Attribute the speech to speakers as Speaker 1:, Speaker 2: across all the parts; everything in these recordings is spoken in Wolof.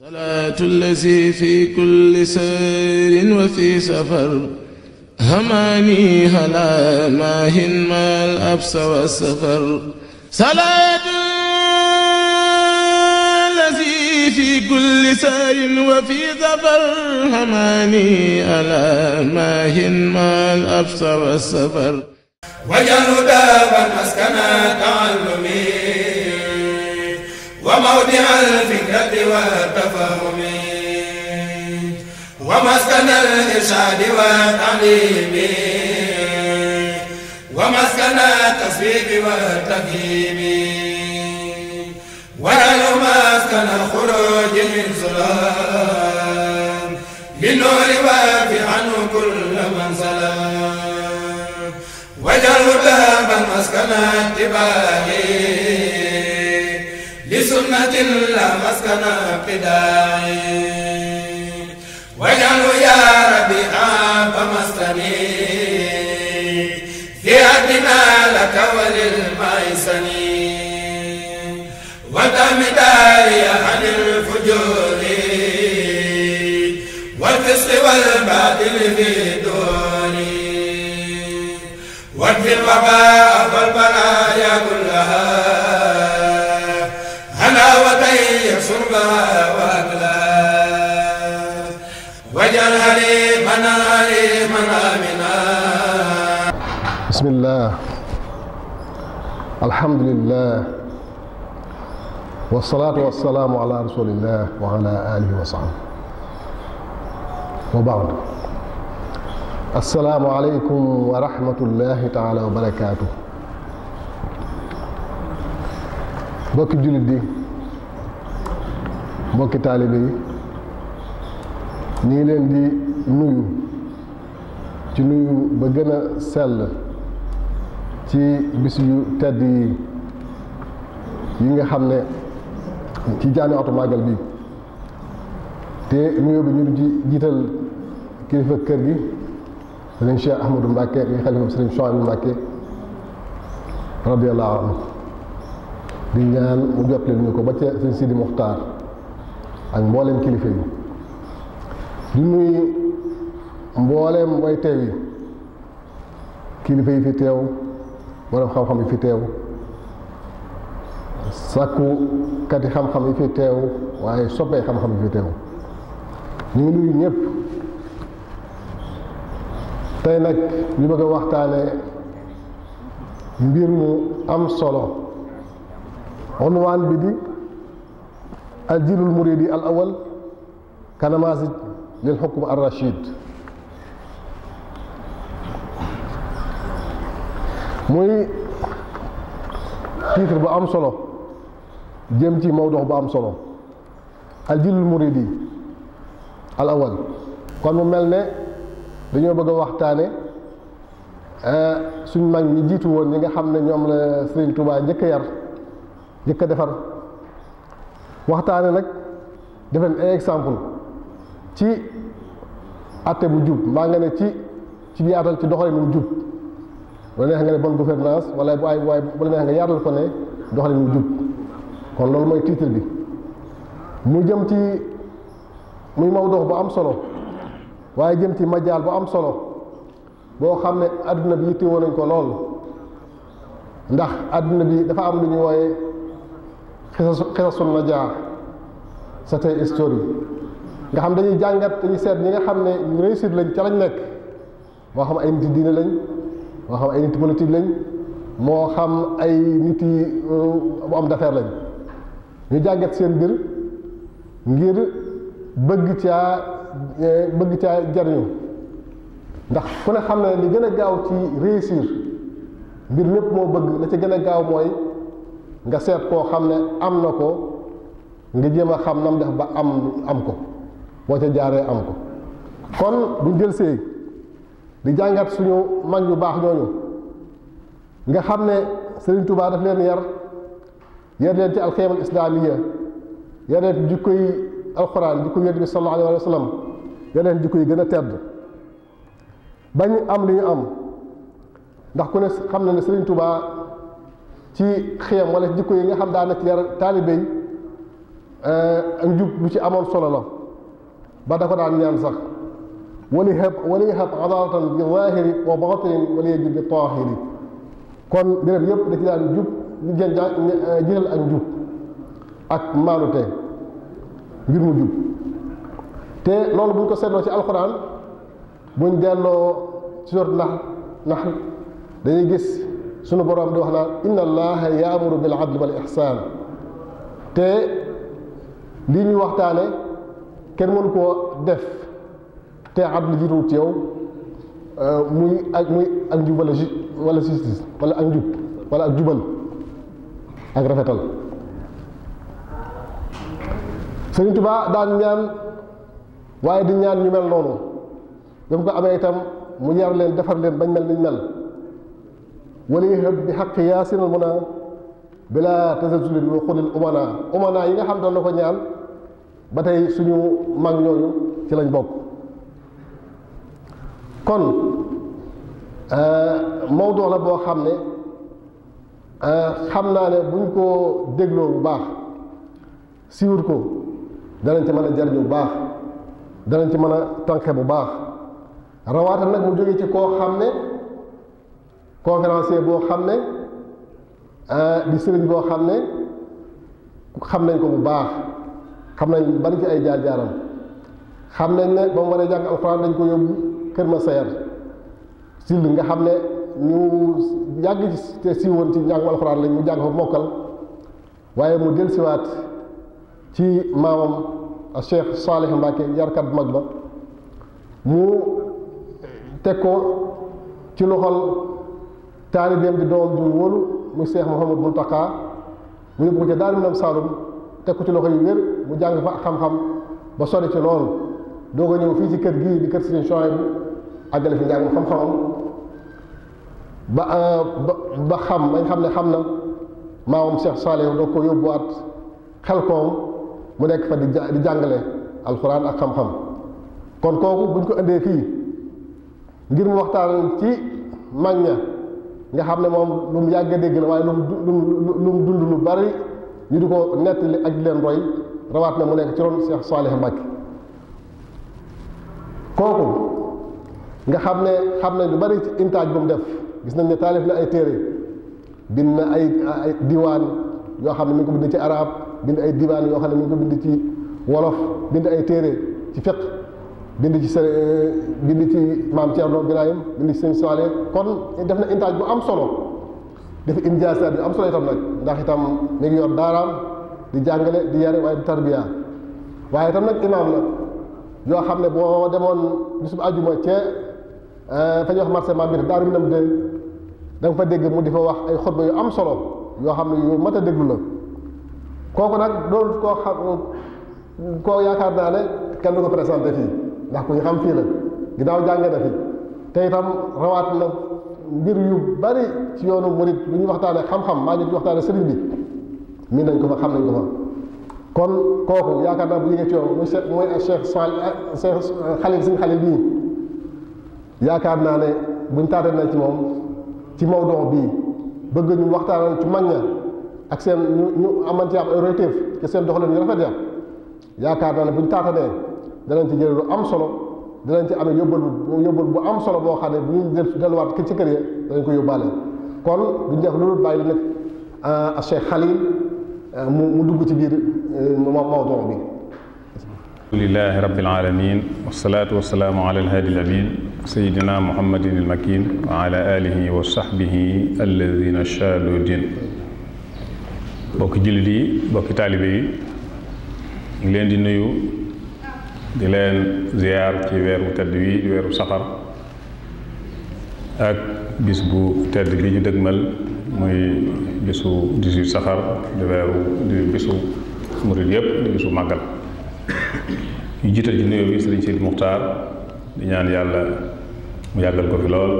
Speaker 1: salaatu lazi fi kulli sayrin wa fi safar hamaani halaa maahin maal absa wa safar salaatu lazi fi kulli sayrin wa fi safar hamaani halaa maahin maal absa wa safar wajanuda wa maskana taallumi wa mawdi alfi الفكرة والتفهم ومسكن الإرشاد والتعليم ومسكن التسويق والتفهيم وله مسكن الخروج من ظلام بالنور وافي عنه كل من سلام وجعله بابا مسكن اتباعه وجل مسكن فدائي واجعل يا ربي عاب مسكني في عدنا لك وللميسني ودم داري عن الفجور والفسق والباطل في دوني وادفي الوباء والبلايا كلها بسم الله
Speaker 2: الحمد لله والصلاة والسلام على رسول الله وعلى آله وصحبه وبعد السلام عليكم ورحمة الله تعالى وبركاته بك الجلد دي mbokki taalibe yi ñu ngi leen di nuyu ci nuyu ba gën a sell ci bis yu tedd yi yi nga xam ne ci jaani oto màggal te nuyu bi ñu di jiital kilifa kër gi sëriñ Cheikh Ahmadou Mbacke di xalifam sëriñ Chouaïbou Mbacke radiyallahu anhu di ñaan mu jot leen ñu ko ba ca sëriñ Sidi ak mbooleem kilifa yi di nuyu mbooleem way teew yi kilifa yi fi teew borom xam-xam yi fi teew sàkku xam-xam yi fi teew waaye soppee xam-xam yi fi teew ñu ngi nuyu tey nag ñu bëgg a waxtaane mbir mu am solo onwaan bi di الجيل المريدي الأول كنماذج للحكم الرشيد muy titre bu am solo jëm ci mawdox bu am solo al jilul muridi al awal kon mu mel ne dañoo bëgg a waxtaane eh, suñ mag ñi jiitu woon ñi nga xam ne ñoom la Sëriñ Tuubaa njëkk a yar njëkk defar waxtaane nag def leen exemple ci atte bu jub maa nga ne ci ci yaatal ci doxalin bu jub bu la neex nga ne bonne gouvernance wala bu ay waaye bu la neex nga yaatal ko ne doxalin jub kon loolu mooy titre bi mu jëm ci muy maw dox bu am solo waaye jëm ci majaal bu am solo boo xam ne àdduna bi yitte woon nañ ko lool ndax àdduna bi dafa am lu ñu wooye xisasul najaa c'était histoire nga xam dañuy jàngat dañuy seet ñi nga xam ne ñu réussir lañ ca lañ nekk moo xam ay nit diine lañ moo xam ay nit lañ moo xam ay nit yi bu euh, am d'affaires lañ ñu jàngat seen mbir ngir bëgg caa euh, bëgg caa jariñu ndax ku ne xam ne li gën a gaaw ci réussir mbir mépp moo bëgg la ca gën a gaaw mooy nga seet koo xam ne am na ko nga jéem a xam nam def ba am am ko boo ca jaaree am ko kon buñ jël see di jàngat suñu mag ñu baax ñooñu nga xam ne Serigne tubaa daf leen yar yar leen ci alxeemal islaamiya yar leen ci jikko yi alxuraan jikko yonent bi sallallahu alayhi wa sallam yar leen jikko yi gën a tedd bañ am li ñu am ndax ku ne xam na ne Serigne Touba. ci xiyam wala jikko yi nga xam daanaka yar taalibe yi eh, ak njub lu ci amoon solo la ba da ko daan ñaan sax wali xeb wali xeb adalatan bi zahiri wa batinin wala yejub bi taahiri kon béréb yëpp da ci daan ñu jël eh, jëlal ak njub ak maanute ngir mu jub te loolu buñ ko seetloo ci alxuraan buñ delloo ci sort nax nax dañuy gis sunu boroom di wax naan inna allaha yaamuru bil adli wal ihsaan te lii ñuy waxtaane kenn mënu koo def te adl jiruut yow euh, muy ak muy ak njub wala wala justice wala ak njub wala ak jubal ak rafetal Sëriñ Tuubaa daan ñaan waaye di ñaan ñu mel noonu ba mu ko amee itam mu yar leen defar leen bañ mel niñ mel waliyahab bi xaq yaasin al muna bila tasalsulin wa xulil umana umana yi nga xam doon na ko ñaan ba tey suñu mag ñooñu ci lañ bokk kon euh, mawdu la boo xam ne euh, xam naa ne buñ koo dégloo bu baax siwut ko danañ ci mën a jariñ bu baax danañ ci mën a tanqe bu baax rawaata nag mu jóge ci koo xam ne conférencier boo xam ne euh, di sëriñ boo xam ne xam nañ ko bu baax xam nañ bari ci ay jaar-jaaram xam nañ ne ba mu waree jàng alxuraan dañ ko yóbbu Kër Masayar sill nga xam ne ñu yàgg te siiwoon ci njàngum alxuraan lañ mu jàng fa mokkal waaye mu dellusiwaat ci maamam Cheikh Salih Mbacke yarkat bu mag ba mu teg ko ci loxol. taalibeem di doom ju wóolu muy Cheikh Mouhamad Mountakha mu yóbbu ko ca Daaru Minam Saalum teg ko ci loxo yu wér mu jàng fa xam-xam ba ci loolu doog a fii ci kër gii di kër Serigne Chouaib bu àggale fi njàng euh, xam ba xam bañ xam ne xam na maamam Cheikh Saliou doo ko yóbbuwaat xel koom mu nekk fa di jàngale alxuraan ak xam-xam kon kooku buñ ko indee fii ngir mu waxtaan ci mag ña nga xam ne moom lu mu yàgg a dégg la waaye lu mu lu mu dund lu bari ñu di ko nettali ak leen roy rawaat na mu nekk ci ron Cheikh Salih Mbacke kooku nga xam ne xam ne lu bari ci intaaj bu mu def gis nañ ne taalif na ay téere bind na ay ay diwaan yoo xam ne mi ngi ko bind ci arab bind ay diwaan yoo xam ne mi ngi ko bind ci wolof bind ay téere ci fiqh bind ci seen eh, bind ci maam Thierno Birahim bind ci seen soile kon def na intaaj bu am solo def indiasaat bu am solo itam nag ndax itam mi ngi yor di jàngale di yare di tarbiya waaye itam nag imaam yoo xam ne boo demoon bisub ajuma ca eh, fa ñuy wax marché maam bi daaru minam de da nga fa dégg mu di fa wax ay xutba yu am solo yoo xam ne yu mat a déglu la kooku nag doon koo xam koo yaakaar naa ne kenn du ko présenté fii ndax ku ñu xam fii la ginnaaw jàngee na fi tey itam rawaat la ngir yu bari ci yoonu murit bu ñu waxtaanee xam-xam maa ngi ci waxtaanee sëriñ bi miin nañ ko fa xam nañ ko fa kon kooku yaakaar naa bu yëgee ci yoon muy se muy Cheikh Sall Cheikh Khalil Sine Khalil yaakaar naa ne buñ taatee na ci moom ci Maodo bii bëgg ñu waxtaanal ci mag ña ak ñu ñu am ay royteef ci seen doxalin ñu rafet ya yaakaar naa ne buñ taatanee danañ ci jël lu am solo danañ ci amee yóbbal bu yóbbal bu am solo boo xam ne bu ñu del delluwaat ci kër ya danañ ko yóbbaale kon duñ def loolu bàyyi nag a ah, ah, Cheikh Khalil ah, mu mu dugg ci biir eh, mawduu bi
Speaker 3: alhamdulilahi rabbil alamin wasalaatu wasalaamu ala alhaadi alamin sayidina muhammadin almakin wa ala alihi wa sahbihi alladina shaadu din bokki jullit yi bokki taalibe yi ngi leen di nuyu di leen ziar ci weeru tedd wi weeru safar ak bis bu tedd bi ñu dëgmal muy bisu 18 safar di weeru di bisu murid yëpp di bisu màggal ñu jiital ci nuyoo bi Sëriñ Sidi Muxtaar di ñaan yàlla mu yàggal ko fi lool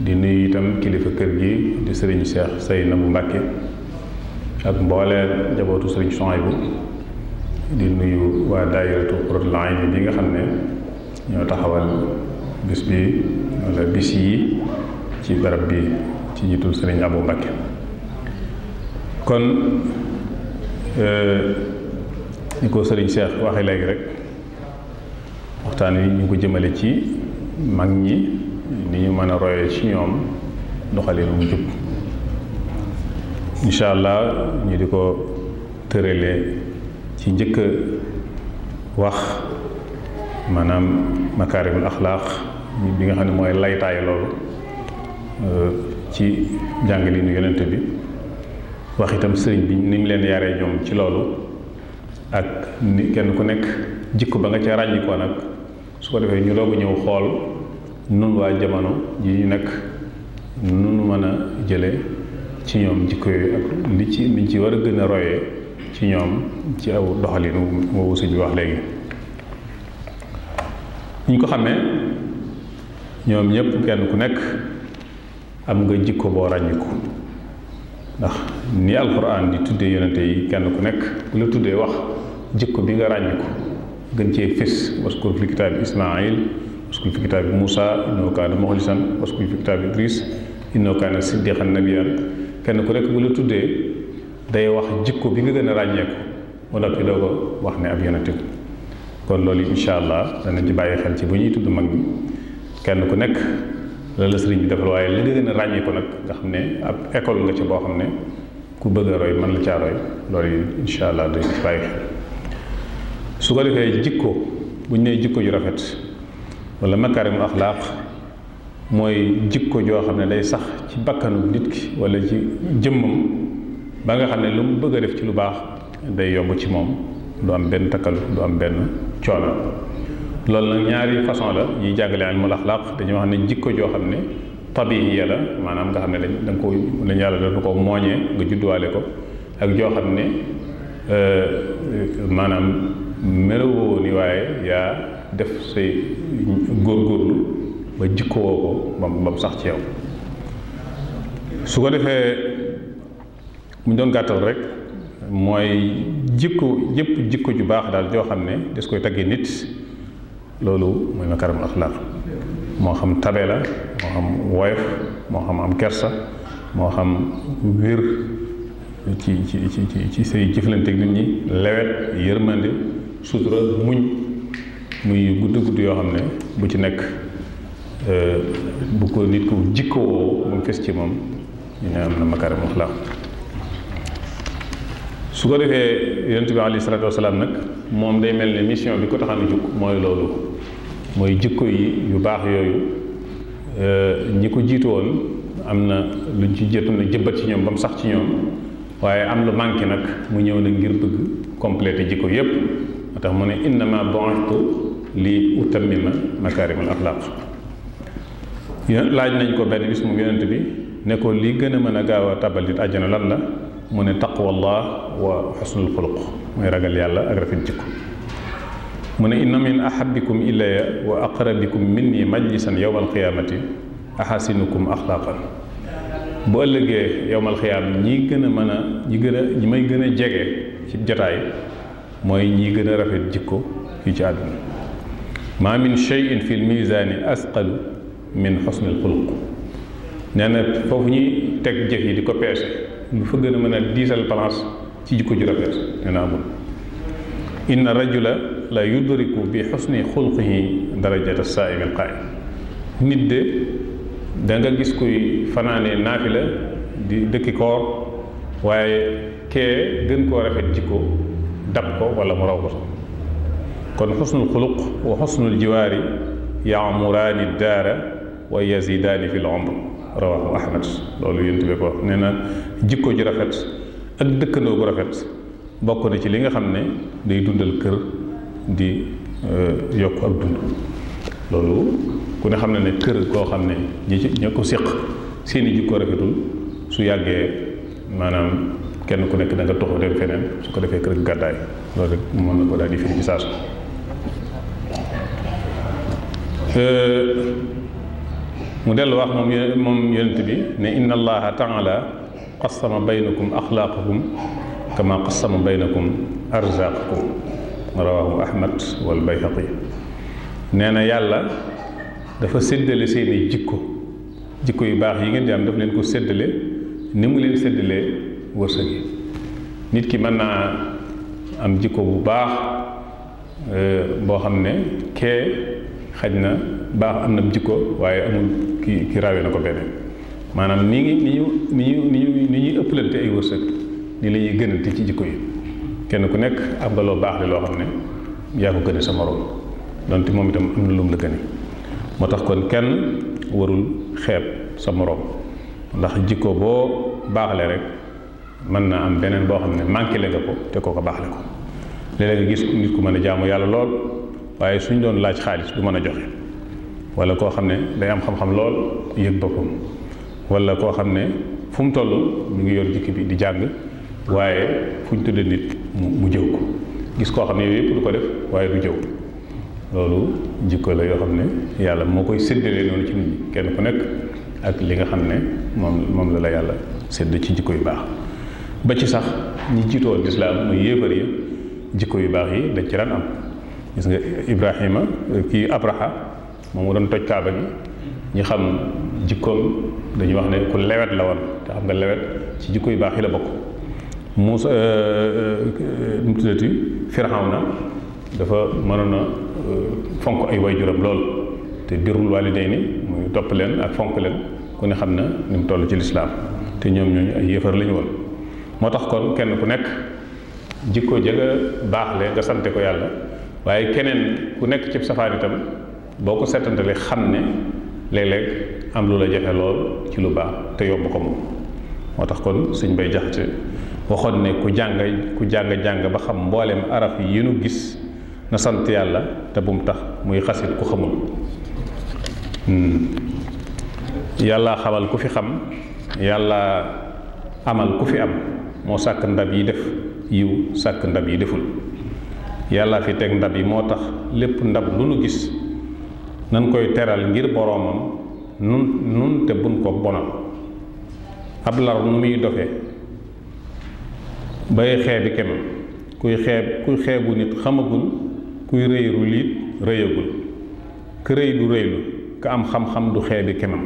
Speaker 3: di nuyu itam kilifa kër gi di sëriñ Cheikh na mu Mbàkke ak mbooleen njabootu sëriñ Souhaïbou di nuyu waa daayiratu Qurratul Ayni bi nga xam ne ñoo taxawal bis bi wala bis yi ci barab bi ci njiitul sëriñ Abu Mbakke kon euh, ni ko sëriñ Cheikh waxe léegi rek waxtaan yi ñu ko jëmale ci mag ñi ni ñu mën a royee ci ñoom doxalee mu jub incha allah ñu di ko tëralee ci njëkk wax maanaam makaarimul axlaaq bi nga xam ne mooy laytaay loolu euh, ci jàngalinu yonent bi wax itam sëriñ bi ni mu leen yaree ñoom ci loolu ak ni kenn ku nekk jikko ba nga ca ràññikoo nag su ko defee ñu doog ñëw xool nun waa jamono ji ñu nekk nun mën a jële ci ñoom jikko yooyu ci liñ ci war a gën a ci ñoom ci aw doxalin wu woowu sëñ bi wax léegi ñu ko xamee ñoom ñëpp kenn ku nekk am nga jikko boo ràññiku ndax ni alxuraan di tuddee yonente yi kenn ku nekk bu la tuddee wax jikko bi nga ràññiku gën cee fis waskur fi kitaabi ismail waskur fi kitaabi musa innoo kaana muxlisan waskur fi kitaabi idris innoo kaana kenn ku nekk bu la tuddee day wax jikko bi nga gën a ràññeeku mu noppi doo ko wax ne ab yonent kon loolu incha allah danañ ci bàyyi xel ci bu ñuy tudd mag kenn ku nekk la la sëriñ bi defal waaye li nga gën a ràññeeku nag nga xam ne ab école nga ci boo xam ne ku bëgg a roy man la caa roy loolu incha allah dañ ci bàyyi xel su ko defee jikko bu ñu nee jikko ju rafet walla makaarimu axlaaq mooy jikko joo xam ne day sax ci bakkanu nit ki wala ci jëmmam ba nga xam ne lu mu bëgg a def ci lu baax day yomb ci moom du am benn takkalu du am benn coono loolu nag ñaari façon la ñuy jàngale ilmul axlaaq dañuy wax ne jikko joo xam ne tabiiya la maanaam nga xam ne da nga ko dañu yàlla da ko mooñee nga judduwaale ko ak joo xam ne euh, maanaam melowoo ni waaye yaa def say góorgóorlu ba jikkowoo ko ba mu sax ci yow su ko defee mu doon gàttal rek mooy jikko jëpp jikko ju baax daal joo xam ne des koy taggee nit loolu mooy makarimul axlaaq moo xam tabe la moo xam woyof moo xam am kersa moo xam wér ci ci ci ci say jëflante ak nit ñi lewet yërmande sutura muñ muy gudd gudd yoo xam ne bu ci nekk euh, bu ko nit ku jikkoo ba mu ci moom ñu ne am na makaarimul axlaaq su ko defee yonent bi alayhi salaatu wasalaam nag moom day mel ne mission bi ko tax a jóg mooy loolu mooy jikko yi yu baax yooyu euh, ñi ko jiitu woon am na luñ ci jëtu na jëbbat ci ñoom ba mu sax ci ñoom waaye am lu manqué nag mu ñëw na ngir bëgg complété jikko yépp moo tax mu ne innama bu'ithtu li utammima makaarimal axlaaq laaj nañ ko benn bis mu yonent bi nekkoon ko li gën a mën a gaaw a tabal nit àjjana lan la mu ne taqwallah wa xusnul xuluq mooy ragal yàlla ak rafet jikko mu ne inna min ahabikum ilaya wa aqrabikum minni majlisan yowma alqiyaamati ahasinukum axlaaqan bu ëllëgee yowmal xiyaam ñi gën a mën ñi gën a ñi may gën a jege ci jotaay mooy ñi gën a rafet jikko fii ci àdduna maa min cheyin fi l misaani asqalu min xusnil xuluq nee foofu ñuy teg jëf yi di ko peese lu fa gën mën a diisal balance ci jikko ju rafet nee na amul inna rajula la yudriku bi xusni xulqihi darajata saaimil qaayim nit de da gis kuy fanaanee naafila di dëkki koor waaye kee gën koo rafet jikko dab ko wala mu raw ko sax kon xusnul xuluq wa xusnul jiwaari yaamuraani daara wa yazidaani fil umr rawaahu ahmad loolu yént bi ko wax nee na jikko ju rafet ak dëkkandoo bu rafet bokk na ci li nga xam ne day dundal kër di euh, yokk ak dund loolu ku ne xam ne ne kër koo xam ne ñi ci ña ko séq seeni jikko rafetul su yàggee maanaam kenn ku nekk da nga toxu dem feneen su ko defee kër gàddaay loolu rek mën na ko daal di firi ci saasu euh, mu dellu wax moom moom yonent bi ne inna allaha taala qasama baynakum axlaaqakum kama qasama baynakum arzaqakum rawahu ahmad wal bayhaqi nee na yàlla dafa séddale seeni jikko jikko yu baax yi ngeen di am daf leen ko séddale ni mu leen séddalee wërsëg yi nit ki mën naa am jikko bu baax euh, boo xam ne kee xaj na baax am na jikko waaye amul ki ki na ko beneen maanaam ni ngi ni ñu ni ñu ni ñu ni ñuy ëppalante ay wërsëg ni la gënante ci jikko yi kenn ku nekk am nga loo baax li loo xam ne yaa ko gëne sa morom donte moom itam am na lum moo tax kon kenn warul xeeb sa morom ndax jikko boo baaxle rek man na am beneen boo xam ne manqué le nga ko te koo ko baaxle ko léeg-léeg gis nit ku mën a jaamu yàlla lool waaye suñ doon laaj xaalis du mën a joxe wala koo xam ne day am xam-xam lool yëg boppam wala koo xam ne fu mu toll mu ngi yor jikki bi di jàng waaye fu ñu tuddee nit mu jëw ko gis koo xam ne yooyu yëpp du ko def waaye du jëw loolu jikko la yoo xam ne yàlla moo koy séddalee noonu ci kenn ku nekk ak li nga xam ne moom moom la yàlla sédd ci jikko yu baax ba ci sax ñi jiitoon jikko yu baax yi dañ ci daan am gis nga Ibrahima kii Abraha moom mu doon toj kaaba gi ñi xam jikkoom dañuy wax ne ku lewet la woon te xam nga lewet ci jikko yu baax yi la bokk Muusa euh, euh, nu mu tuddati na dafa mënoon a euh, fonk ay waajuram lool te birrul waalidayni mu topp leen ak fonk leen ku ne xam na ni mu toll ci lislaam te ñoom ñooñu ay yéefar la woon moo tax kon kenn ku nekk jikko jëga baax le nga sante ko yàlla waaye keneen ku nekk ci safaan itam boo ko seetantalee xam ne léeg-léeg am lu la jafe lool ci lu baax te yomb ko moom moo tax kon suñ bay jaxte waxoon ne ku jàng ku jàng-jàng ba xam mbooleem araf yi nu gis na sant yàlla te bu tax muy xasit ku xamul hmm. yàlla xamal ku fi xam yàlla amal ku fi am moo sàkk ndab yi def yiw sàkk ndab yi deful yàlla fi teg ndab yi moo tax lépp ndab lu nu gis nan koy teral ngir boroomam nun nun te buñ ko bonal ab lar nu muy dofe bay xeebi kemam kuy xeeb kuy xeebu nit xamagul kuy rëyru liit rëyagul ku rëy du rëylu ku am xam-xam du xeebi kemam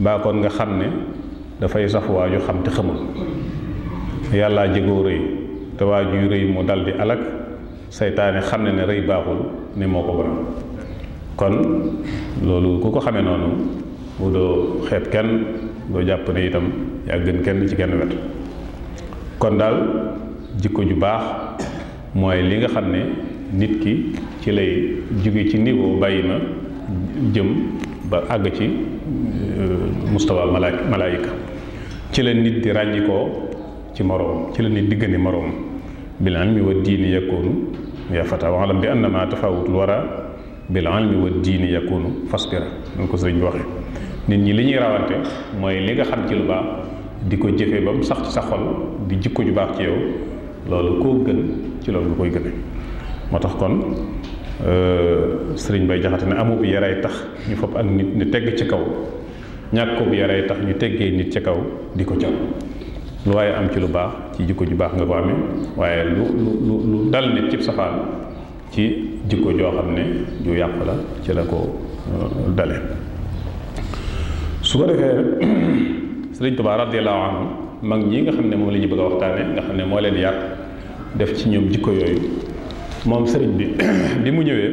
Speaker 3: baa kon nga xam ne dafay saf waaju xam te xamul yàllaa jegoo rëy te waaju rëy mu dal di alak seytaane xam ne na rëy baaxul ne moo ko bonal kon loolu ku ko xamee noonu bu doo xeet kenn doo jàpp ne itam yaa gën kenn ci genn wet kon daal jikko ju baax mooy li nga xam ne nit ki ci lay jóge ci niveau bàyyi na jëm ba àgg ci euh, mustawa mala malaayika ci la nit di ràññikoo ci moroom ci la nit di gëne la bilan mi wa diini yakkoonu yaa fata waxalam bi annama tafawutul wara bil ilmi wa diini yakunu fasbira noonu ko sëriñ bi waxee nit ñi li ñuy rawante mooy li nga xam ci lu baax di ko jëfee ba mu sax ci sa xol di jikko ju baax ci yow loolu koo gën ci loolu nga koy gëne moo tax kon euh, sëriñ bay jaxate ne amub yaray tax ñu fopp ak nit ñu tegg ci kaw ko bu yaray tax ñu teggee nit ci kaw di ko cal lu waaye am ci lu baax ci jikko ju baax nga ko amee waaye lu lu lu dal nit cib safaan ci jikko joo xam ne ju yàqu la ci la ko euh, dale su ko defee sëriñ Tuubaa anhu mag ñi nga xam ne moom la ñu bëgg a waxtaane nga xam ne moo leen yar def ci ñoom jikko yooyu moom sëriñ bi bi mu ñëwee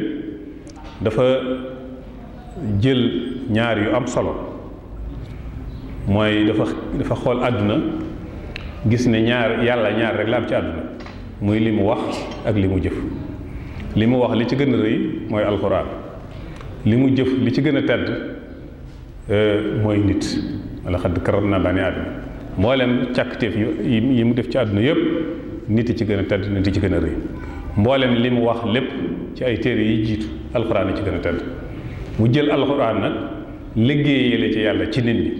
Speaker 3: dafa jël ñaar yu am solo mooy dafa dafa xool àdduna gis ne ñaar yàlla ñaar rek la am ci àdduna muy li mu wax ak li mu jëf li mu wax li ci gën a rëy mooy alxuraan li mu jëf li ci gën a tedd euh, mooy nit wala xadd karam naa bani aadama mboolem càkkteef yi yi mu def ci àdduna yëpp nit yi ci gën a tedd nit yi ci gën a rëy mboolem li mu wax lépp ci ay téere yi jiitu alxuraan yi ci gën a tedd mu jël alxuraan nag liggéeyale ci yàlla ci nit ñi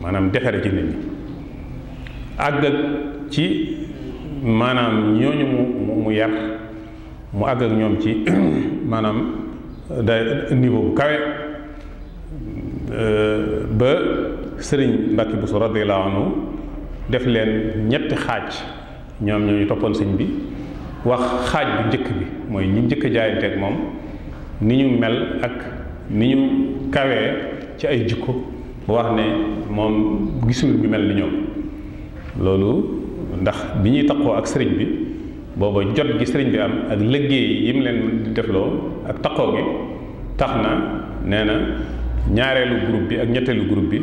Speaker 3: maanaam defare ci nit ñi àgg ak ci maanaam ñooñu mu mu yar mu àgg ak ñoom ci maanaam day niveau bu kawe euh, ba sëriñ Mbàkke Buso radiyallaahu anhu def leen ñetti xaaj ñoom ñoo ñu toppoon sëñ bi wax xaaj bu njëkk bi mooy ñu njëkk a jaayanteeg moom ni ñu mel ak ni ñu kawee ci ay jikko bu wax ne moom gisul ñu mel ni ñoom loolu ndax bi ñuy taqoo ak sëriñ bi booba jot gi sëriñ bi am ak liggéey yi mu leen di defloo ak taqoo gi tax na nee na ñaareelu groupe bi ak ñetteelu groupe bi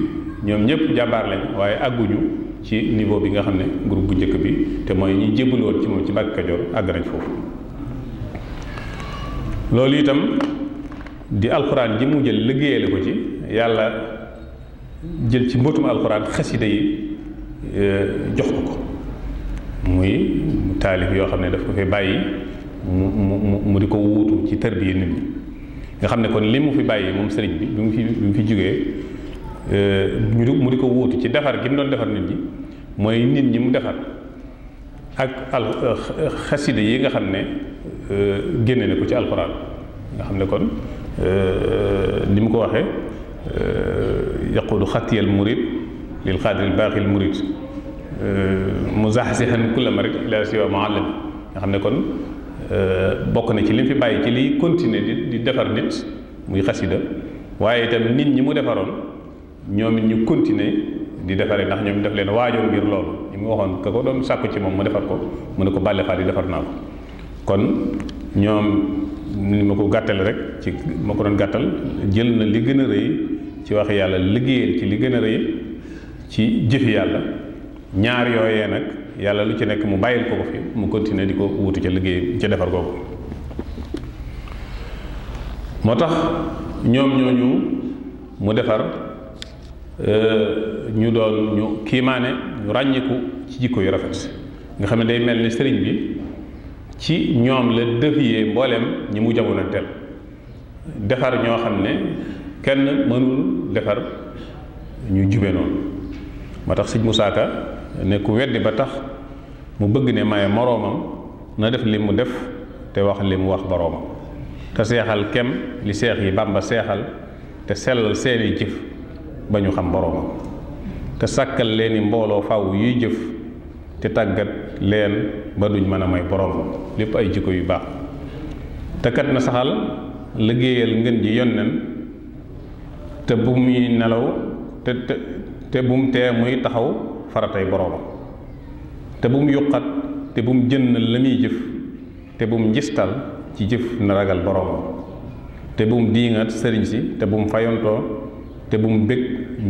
Speaker 3: ñoom ñëpp jàmbaar lañ waaye àgguñu ci niveau bi nga xam ne groupe bu njëkk bi te mooy ñi jébbal ci moom ci Mbàkke Kajoor àgg foofu loolu itam di alxuraan ji mu jël liggéeyale ko ci yàlla jël ci mbootum alxuraan xasida yi eh, jox ko ko muy taalif yoo xam ne daf ko fi bàyyi mu mu mu di ko wuutu ci tarbiya nit ñi nga xam ne kon li mu fi bàyyi moom sëriñ bi bi mu fi bi mu fi jógee euh, ñu mu di ko wuutu ci defar gi mu doon defar nit ñi mooy nit ñi mu defar ak al euh, euh, xasida yi nga xam ne génne ne ko ci alxuraan nga xam ne kon ni mu ko waxee yaqudu xatiyal murid lil xaadiril baaxil murid mu zax si xan ku la ma rek laa si waa muallim nga xam ne kon euh, bokk na ci li mu fi bàyyi ci liy continuer di di defar nit muy xasida waaye itam nit ñi mu defaroon ñoom ñu continuer di defaree ndax ñoom def leen waajoon ngir loolu ñi mu waxoon ka ko doon sàkku ci moom mu defar ko mu ne ko bàlle faal defar naa ko kon ñoom ni ma ko gàttale rek ci ma ko doon gàttal jël na li gën a rëy ci wax yàlla liggéeyal ci li gën a rëy ci jëfi yàlla ñaar yooyee nag yàlla lu ci nekk mu bàyyil ko ko fi mu continuer di ko wutu ca liggéey ca defar googu moo tax ñoom ñoo ñooñu mu defar euh, ñu doon ñu kiimaane ñu ràññiku ci jikko yu rafet nga xam ne day mel ni sëriñ bi ci ñoom la dévier mbooleem ñi mu jamonanteel defar ñoo xam ne kenn mënul defar ñu jube noonu moo tax sëñ Musaa Ka ne ku weddi ba tax mu bëgg ne maye moroomam na def li mu def te wax li mu wax boroomam te seexal kem li seex yi Bàmba seexal te sellal seeni jëf ba ñu xam boroomam te sàkkal leen mbooloo faw yuy jëf te tàggat leen ba duñ mën a may boroomam lépp ay jikko yu baax te kat na saxal liggéeyal ngën ji yónneen te bu muy nelaw te te te bu mu tee muy taxaw faratay te bu mu yuqat te bu mu jënnal la muy jëf te bu mu njistal ci jëf na ragal boroomam te bu mu diiŋat sëriñ si te bu mu fayontoo te bu mu bëgg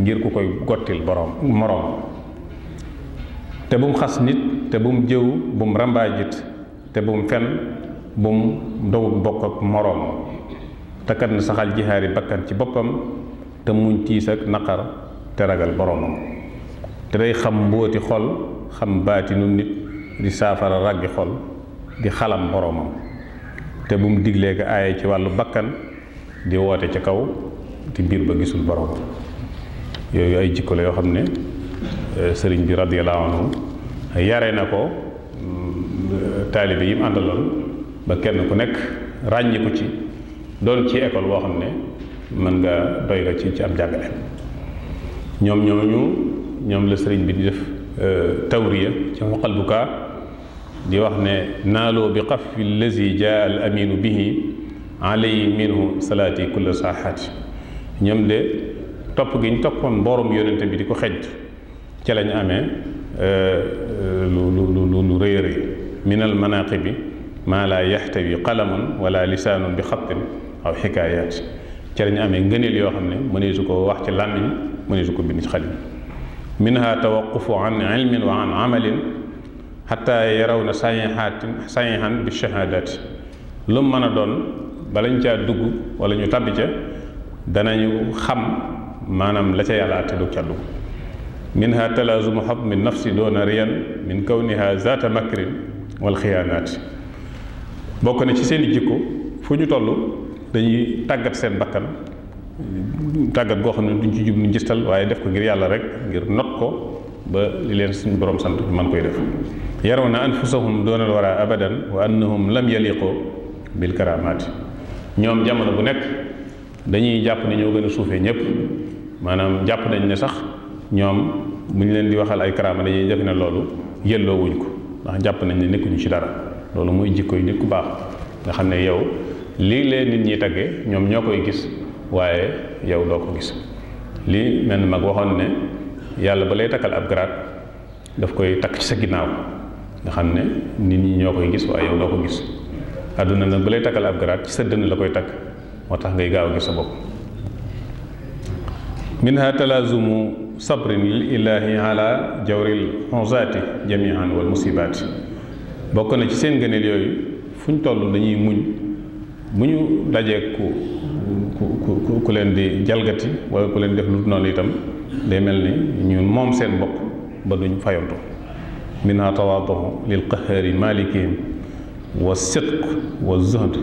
Speaker 3: ngir ku koy gottil boroom moroom te bu mu xas nit te bu mu jëw bu mu rambaajit te bu mu fen bu mu dowut bokk ak moroom takkat na saxal jixaari bakkan ci boppam te muñ tiis ak naqar te ragal boroomam te day xam mbóoti xol xam baatinu nit di saafara ràggi xol di xalam boromam te bu mu diglee ko aaye ci wàllu bakkan di woote ca kaw di biir ba gisul boromam yooyu ay jikko la yoo xam ne eh, sëriñ bi radiyallahu anhu yare na ko mm, taalibe yi mu àndaloon ba kenn ku nekk ràññiku ci doon ci école boo xam ne mën nga doy nga ci ci am jàngale ñoom ñoo ñoom la sëriñ bi di def euh, tawriya ci muqal bu kaa di wax ne naaloo bi xafi lazi jaa al aminu bihi alay minhu salaati kulla saaxaat ñoom de topp gi ñu toppoon borom yonente bi di ko xej ca lañ amee euh, euh, lu lu lu lu rëy rëy minal manaqibi maa laa yaxtawi qalamun wala lisaanun bi xattin aw xikaayaat ca lañ amee ngëneel yoo xam ne mëneesu ko wax ci làmmiñ mëneesu ko bind ci minha tawaqufu an ilmin wa an amalin na sayihatin sayihan bi mën a doon balañ caa dugg wala ñu tabbi ca danañu xam maanaam la ca yàlla àtte du ca dugg minha talaazumu xab min nafsi doona riyan min kawniha zaata makrin wal xiyaanaati bokk na ci seeni jikko fu ñu toll dañuy tàggat seen bakkan tàggat goo xam ne duñ ci jub nu gistal waaye def ko ngir yàlla rek ngir ko ba li leen suñu boroom sant ñu mën koy def yaraw na anfusahum doonal wara abadan wa na annahum lam yaliqo bil karamaati ñoom jamono bu nekk dañuy jàpp ne ñoo gën a suufee ñëpp maanaam jàpp nañ ne sax ñoom bu ñu leen di waxal ay karaama dañuy def ne loolu yelloo wuñ ko ndax jàpp nañ ne nekkuñu ci dara loolu muy jikko yu nit ku baax nga xam ne yow lii leen nit ñi tagge ñoom ñoo koy gis waaye yow doo ko gis lii mel mag waxoon ne yàlla ba lay takkal ab garaat daf koy takk ci sa ginnaaw nga xam ne nit ñi ñoo koy gis waaye yow doo ko gis àdduna nag ba lay takkal ab garaat ci sa dënn la koy takk moo tax ngay gaaw a gis sa bopp minha talaazumu sabrin lil ilaahi ala jawril xonzaati jamian wal musibaati bokk na ci seen gëneel yooyu fu ñu toll dañuy muñ bu ñu dajee ku ku ku ku leen di jalgati wala ku leen def lu noonu itam day mel ni ñu moom seen bopp ba duñ fayantu minha tawaatuhu lil qahaari malikihim wa sidq wa zuhd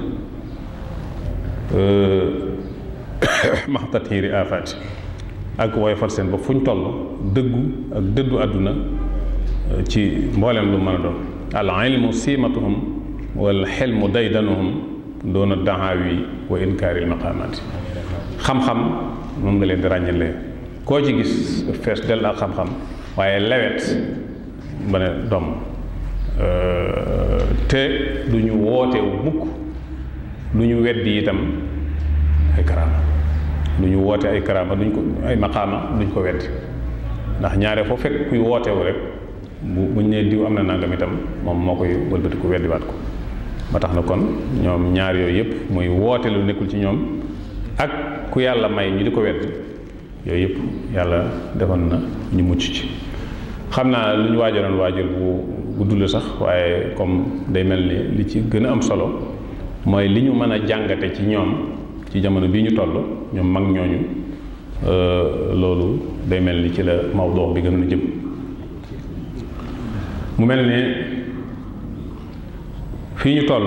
Speaker 3: maxtatiiri afaati ak woy far seen bopp fu ñu toll dëggu ak dëddu àdduna ci mboolem lu mën a doon al ilmu siimatuhum wal xilmu daydanuhum doona dahaawi wa inkaari al xam-xam moom nga leen di ràññalee koo ci gis fees dell ak xam-xam waaye lawet ba ne doom euh, te du ñu wootewu mukk du ñu weddi itam ay karaama du ñu woote ay karaama duñ ko ay maqaama duñ ko weddi ndax ñaare foo fekk kuy wootewu rek bu buñ nee diw am na nangam itam moom moo koy wëlbati ko weddiwaat ko ba tax na kon ñoom ñaar yooyu yëpp muy woote lu nekkul ci ñoom ak ku yàlla may ñu di ko weddi yooyu yëpp yàlla defoon na ñu mucc ci xam naa lu ñu waajaloon waajal bu gudd la sax waaye comme day mel ni li ci gën a am solo mooy li ñu mën a jàngate ci ñoom ci jamono bii ñu toll ñoom mag ñooñu euh, loolu day mel ni ci la mawdoo bi gën a jëm mu mel ne fii ñu toll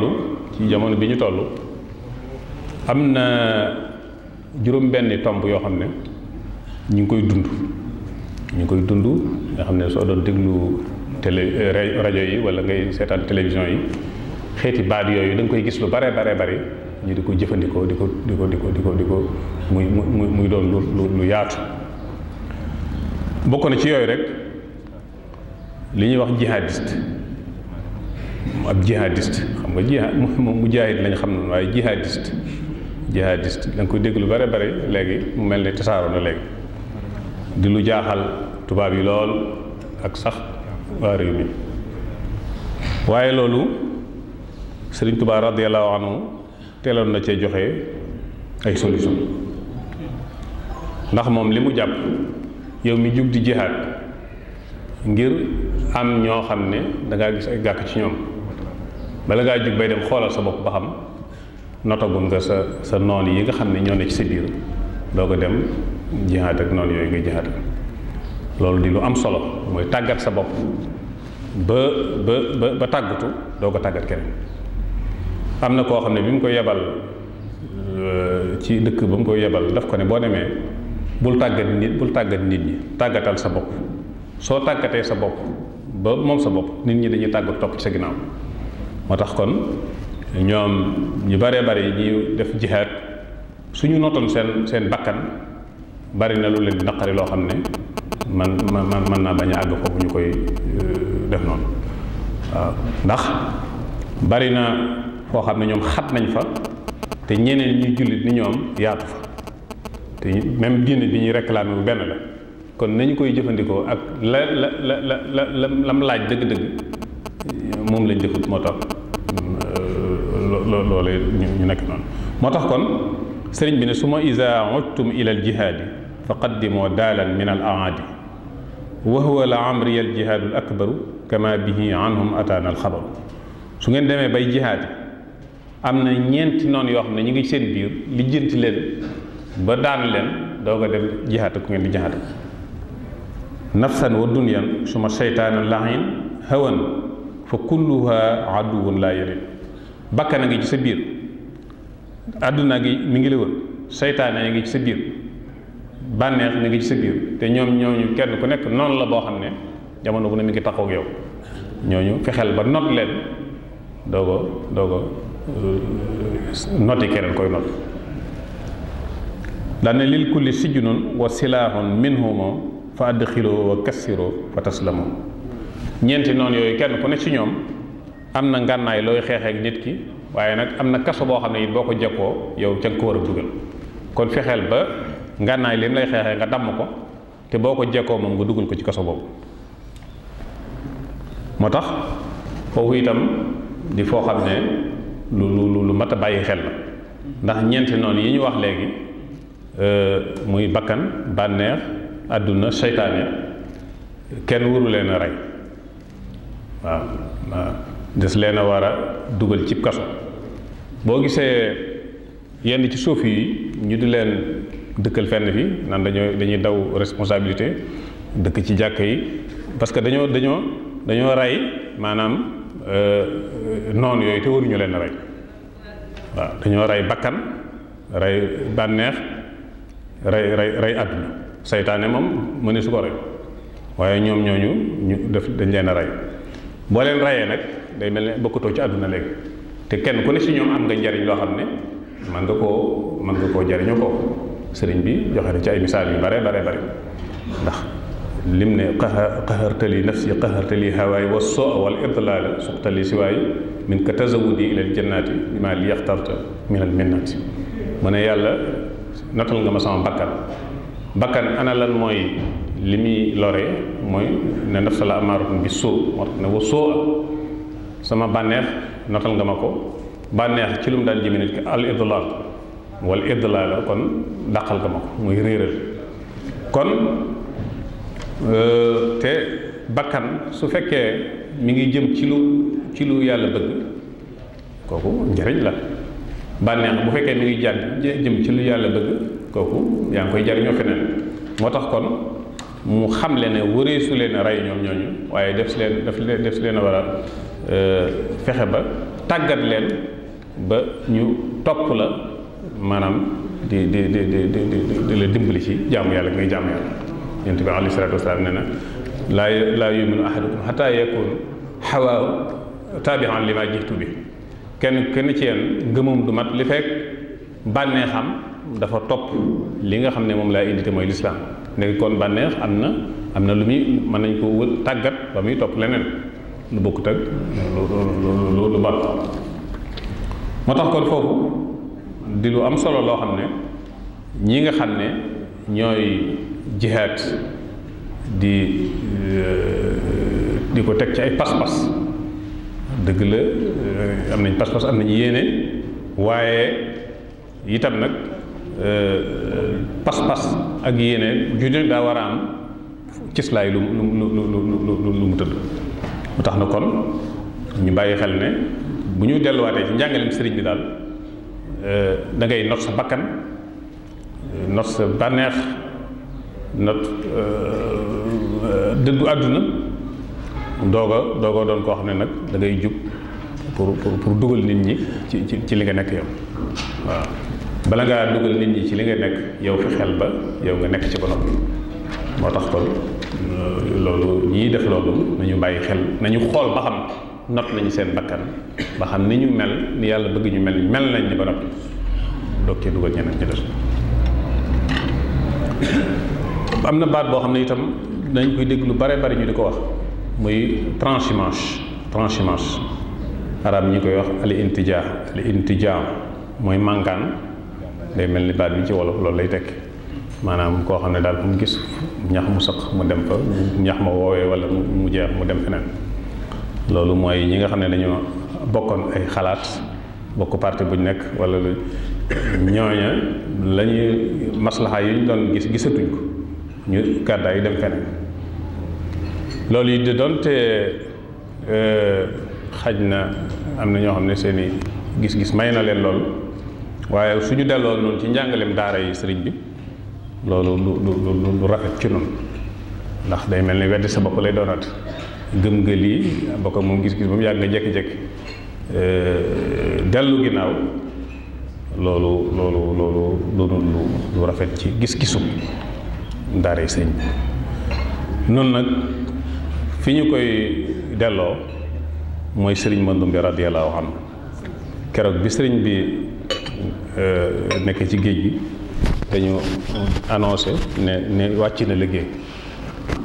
Speaker 3: ci jamono bi ñu toll am na juróom benni tomb yoo xam ne ñu ngi koy dund ñu ngi koy dund nga xam ne soo doon déglu télé euh, rajo yi wala ngay seetaan télévision yi xeeti baat yooyu da koy gis lu bare bare bari ñu di ko jëfandikoo di ko di ko di ko di ko muy muy muy doon lu lu yaatu bokk na ci yooyu rek li ñuy wax jihadiste ab jihadiste xam nga jihad moom mujaahid lañ xam noonu waaye jihadiste jihadiste da nga koy dégg lu bare bare léegi mu mel ne tasaaroo na léegi di lu jaaxal tubaab yi lool ak sax waa réew mi waaye loolu sëriñ Tuubaa radiyallaahu anhu teeloon na cee joxe ay solution ndax moom li mu jàpp yow mi jug di jihaad ngir am ñoo xam ne dangaa gis ay gàkk ci ñoom bala ngaa jug bay dem xoolal sa bopp ba xam notagul nga sa sa noon yi nga xam ne ñoo ne ci sa biir doo ko dem jihaat ak noonu yooyu ngay jihaat loolu di lu am solo mooy tàggat sa bopp ba ba ba tàggatu doo ko tàggat keneen am na koo xam ne bi mu ko yebal euh, ci dëkk ba mu ko yebal daf ko ne boo demee bul tàggat nit bul tàggat nit ñi tàggatal sa bopp soo tàggatee sa bopp ba moom sa bopp nit ñi dañuy tàggat topp ci sa ginnaaw moo tax kon ñoom ñu baree bari ñuy def jihaad suñu nootoon seen seen bakkan bari na lu leen naqari loo xam ne man man mën naa bañ a àgg foofu ñu koy euh, def noonu waaw ndax bari na foo xam ne ñoom xat nañ fa te ñeneen ñuy jullit ni ñoom yaatu fa te même diine bi ñuy réclamer bu benn la kon nañu koy jëfandikoo ak la la la la la la lam laaj dëgg-dëgg moom lañ jëfut moo tax euh, loo loolee ñu nekk noonu moo tax kon sëriñ bi ne su ma isa uttum ilal jihaadi fa qaddimoo daalan min al aadi wa huwa la amri al jihaadul akbaru kama bihi anhum ataana al xabaru su ngeen demee bay jihaati am na ñeenti noonu yoo xam ne ñu ngi seen biir lijjanti leen ba daan leen doog a dem jihaata ku ngeen di jihaata nafsan wa dunyan suma seytaanu lahin hawan fa kulluha aduwun laa yarin bakkan a ngi ci sa biir àdduna gi mi ngi la wër seytaane ngi ci sa biir bànneex mi ngi ci sa biir te ñoom ñooñu kenn ku nekk noonu la boo xam ne jamono bu ne mu ngi taxaw yow ñooñu fexeel ba not leen doogo doogo euh, noti keneen koy not daane lil kulli sijjunun wa silaahun minhuma fa adxiloo wa kassiroo fa taslamoo ñeenti noonu yooyu kenn ku ne ci ñoom am na ngànnaay looy xeexee ak nit ki waaye nag am na kaso boo xam ne it boo ko jekkoo yow ca nga a dugal kon fexeel ba ngànnaay lim lay xeexee nga damm ko te boo ko jekkoo moom nga dugal ko ci kaso boobu moo tax foofu itam di foo xam ne lu lu lu mat a bàyyi xel na ndax ñeenti noonu yi ñu wax léegi euh, muy bakkan bànneex àdduna seytaane kenn wuru leen a rey waaw des leen a wara dugal cib kaso boo gisee yenn ci suuf yi ñu di leen dëkkal fenn bi naan dañoo dañuy daw responsabilité dëkk ci jàkk yi parce que dañoo dañoo dañoo rey maanaam euh, noonu yooyu te waruñu leen rey waaw dañoo rey bakkan rey bànneex rey rey rey àdduna seytaane moom mu ne su ko rey waaye ñoom ñooñu ñu def dañ leen a rey boo leen reyee nag day mel ne bokkutoo ci àdduna léegi te kenn ku ne si ñoom am nga njariñ loo xam ne mën nga koo mën nga koo jariñoo ko sëriñ bi joxe na ci ay misaal yu bare bare bare ndax lim ne qahartali nafsi qahartali hawaay wa so wal idlaal suqtali siwaay min ka tazawudi ilal jannaati bima li yaxtarta min al minnati mu ne yàlla natal nga ma sama bakkan bakkan ana lan mooy li muy lore mooy ne nafsa la amaaratun bi soo moo tax ne wa soo sama bànneex natal nga ma ko bànneex ci lu mu daan jëme ki al wal idlaala kon dàqal nga ma ko muy réeral kon euh, te bakkan su fekkee mu ngi jëm ci lu ci lu yàlla bëgg kooku njariñ la bànneex bu fekkee mu ngi jàng jëm ci lu yàlla bëgg kooku yaa ngi koy jariñoo feneen moo tax kon mu xam le ne su leen a rey ñoom ñooñu waaye def si leen daf def si leen a war a euh, fexe ba tàggat leen ba ñu topp la maanaam di di di di di di la dimbali ci jaamu yàlla ngay jaamu yàlla yonent bi alayhi salaatu wasalaam nee na laa laa yuminu ahadukum xataa yakun xawa taabian li ma jiitu bi kenn kenn ci yéen ngëmam du mat li fekk bànnee xam dafa topp li nga xam ne moom laay indi te mooy lislaam léegi kon bànneex am na am na lu muy mën nañ koo wër tàggat ba muy topp leneen lu bokkut ak lu lu lu lu baax moo tax kon foofu di lu am solo loo xam ne ñi nga xam ne ñooy jihaat di euh, di ko teg ci ay pas-pas dëgg la euh, am nañ pas-pas am nañ yéene waaye itam nag euh, pas ak yéene ju daa war a am cislaay lu lu lu lu lu mu tëdd mu tax na kon ñu bàyyi xel ne bu ñu delluwaatee ci njàngaleem sëriñ bi daal Euh, da ngay not sa bakkan euh, not sa bànneex not euh, dëggu àdduna doog a doog doon koo xam ne nag dangay ngay jub pour pour pour dugal nit ñi ci ci ci li nga nekk yow waaw bala ngaa dugal nit ñi ci li nga nekk yow fi xel ba yow nga nekk ci ko noppi moo tax kon loolu ñiy def loolu nañu bàyyi xel nañu xool ba xam not nañu seen bakkan ba xam ni ñu mel ni yàlla bëgg ñu mel mel nañ ni ba noppi doog cee dugal ñeneen ñi am na baat boo xam ne itam dañ koy dégg lu bare bari ñu di ko wax muy transhumance transhumance arab ñi koy wax al intijaa al intijaa mooy mànkaan day mel ni baat bi ci wolof loolu lay tekki maanaam koo xam ne daal mu gis ñax mu sëq mu dem fa ñax ma woowee wala mu jeex mu dem feneen loolu mooy ñi nga xam ne dañoo bokkoon ay xalaat bokk parti buñ ñu nekk wala ñooña la maslaxa yi ñu doon gis gisatuñ ko ñu gàddaay yi dem feneen loolu yi di doonte euh, xaj na am na ñoo xam ne seeni gis-gis may na leen loolu waaye suñu delloo noonu ci njàngaleem daara yi sëriñ bi loolu lu lu lu rafet ci noonu ndax day mel ni weddi sa bopp lay doonat gëm nga lii bokk ak moom gis-gis ba mu yàgg nga jékki-jékki euh, dellu ginnaaw loolu loolu loolu lu rafet ci gis-gisu ndaare sëñ noonu nag fi ñu koy delloo mooy sëriñ Mandoumbe radiyallahu anhu keroog bi sëriñ bi euh, nekk ci géej gi dañu annoncé ne ne wàcc na liggéey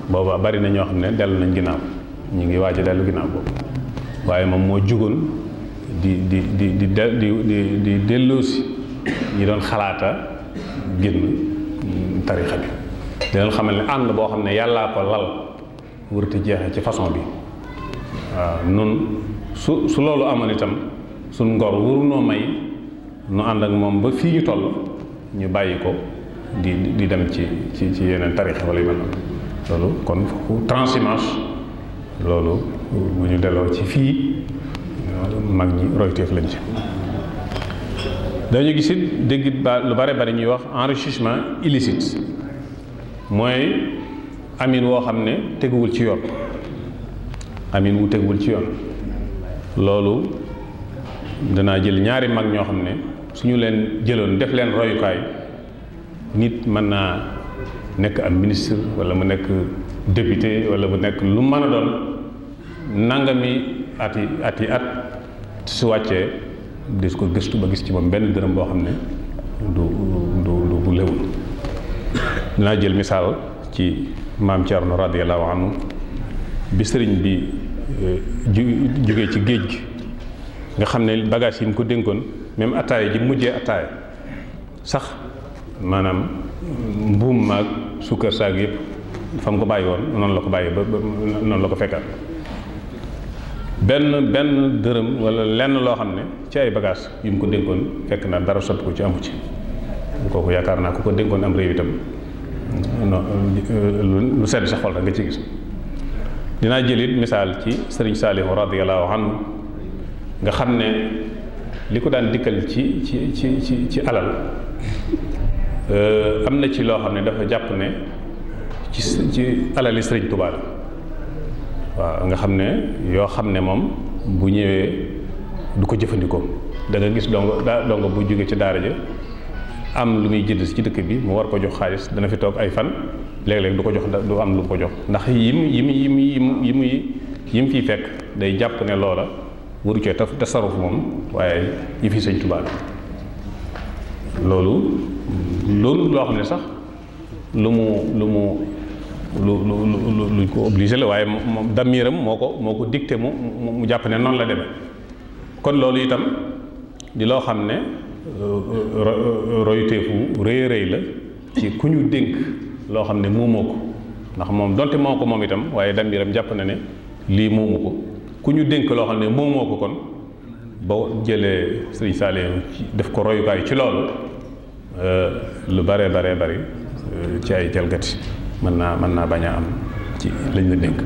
Speaker 3: booba bari na ñoo xam ne dellu nañ ginnaaw ñu ngi waaj a dellu ginnaaw boobu waaye moom moo jógoon di di di di di di delloosi ñi doon xalaata génn tarixa bi di leen xamal ne ànd boo xam ne yàllaa ko lal wërti jeexe ci façon bi waaw nun su su loolu amoon itam suñ ngor wuru may nu ànd ak moom ba fii ñu toll ñu bàyyi ko di di dem ci ci yeneen tarixa wala yu mel loolu kon foofu transhumance loolu bu ñu delloo ci fii mag ñi royteef lañ ci dañu gisit dégg ba lu bare bari ñuy wax enrichissement illicite mooy amin woo xam ne teguwul ci yoon amin wu teguwul ci yoon loolu danaa jël ñaari mag ñoo xam ne suñu leen jëloon def leen royukaay nit mën naa nekk am ministre walla mu nekk député walla bu nekk lu mën a doon nangami at yi at yi at su wàccee dis ko gëstu ba gis ci moom benn dërëm boo xam ne du du du bu léwul dinaa jël misaal ci maam Thierno radiyallahu bi sëriñ bi eh, ju jógee ci géej gi nga xam ne bagage yi mu ko dénkoon même ataaya ji mujjee ataaya sax maanaam mbuum maag suukar saag yi fa mu ko bàyyi woon noonu la ko bàyyi ba noonu la ko fekkaat benn benn dërëm wala lenn loo xam ne ci ay bagage yu mu ko dénkoon fekk naa dara sotti ko ci amu ci kooku yaakaar naa ku ko dénkoon am réew itam mm, non euh, lu sedd sa xol rek nga ci dinaa jëlit misaal ci sëriñ Saalihu radiyallahu anhu nga xam ne li ko daan dikkal ci ci ci ci ci alal euh, am na ci loo xam ne dafa jàpp ne ci ci alali sëriñ Tuubaa la waaw nga xam ne yoo xam ne moom bu ñëwee du ko jëfandikoo da nga gis dongo daa dongo bu jóge ci daara ja am lu muy jënd ci dëkk bi mu war ko jox xaalis dana fi toog ay fan léeg-léeg du ko jox du am lu ko jox ndax yi yi yim yim yim yim yim fi fekk day jàpp ne loola waru cee taf tasaruf moom waaye yi fi sëñ Tuubaa loolu loolu loo xam ne sax lu mu lu mu lu lu lu luñ ko obligé la waaye moom damiram moo ko moo ko dicté mu mu jàpp ne noonu la demee kon loolu itam di loo xam ne euh, euh, euh, royteefu rëy rëy la ci ku ñu dénk loo xam ne moomoo ko ndax moom donte moo ko moom itam waaye damiram jàpp na ne lii moomu ko ku ñu dénk loo xam ne moomoo ko kon boo jëlee sëriñ Saliou def ko royukaay ci loolu lu bare bare bari ci ay jalgati mën naa mën naa bañ a am ci lañ dénk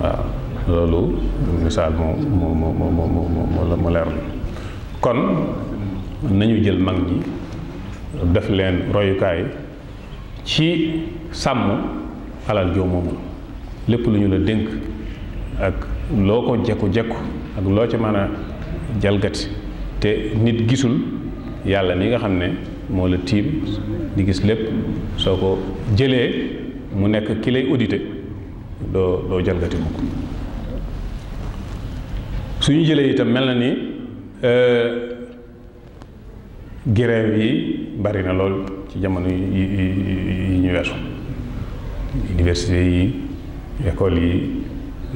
Speaker 3: waaw loolu misaal moo moo moo moo moo moo leer kon nañu jël mag ñi def leen royukaay ci sàmm alal joo lépp lu ñu la dénk ak loo ko jekku-jekku ak loo ci mën a jalgati te nit gisul yàlla mi nga xam ne moo la tiim di gis lépp soo ko jëlee mu nekk ki lay audité doo doo jalgati mukk su jëlee itam mel na ni euh, grève yi bari na lool ci jamono yi université yi école yi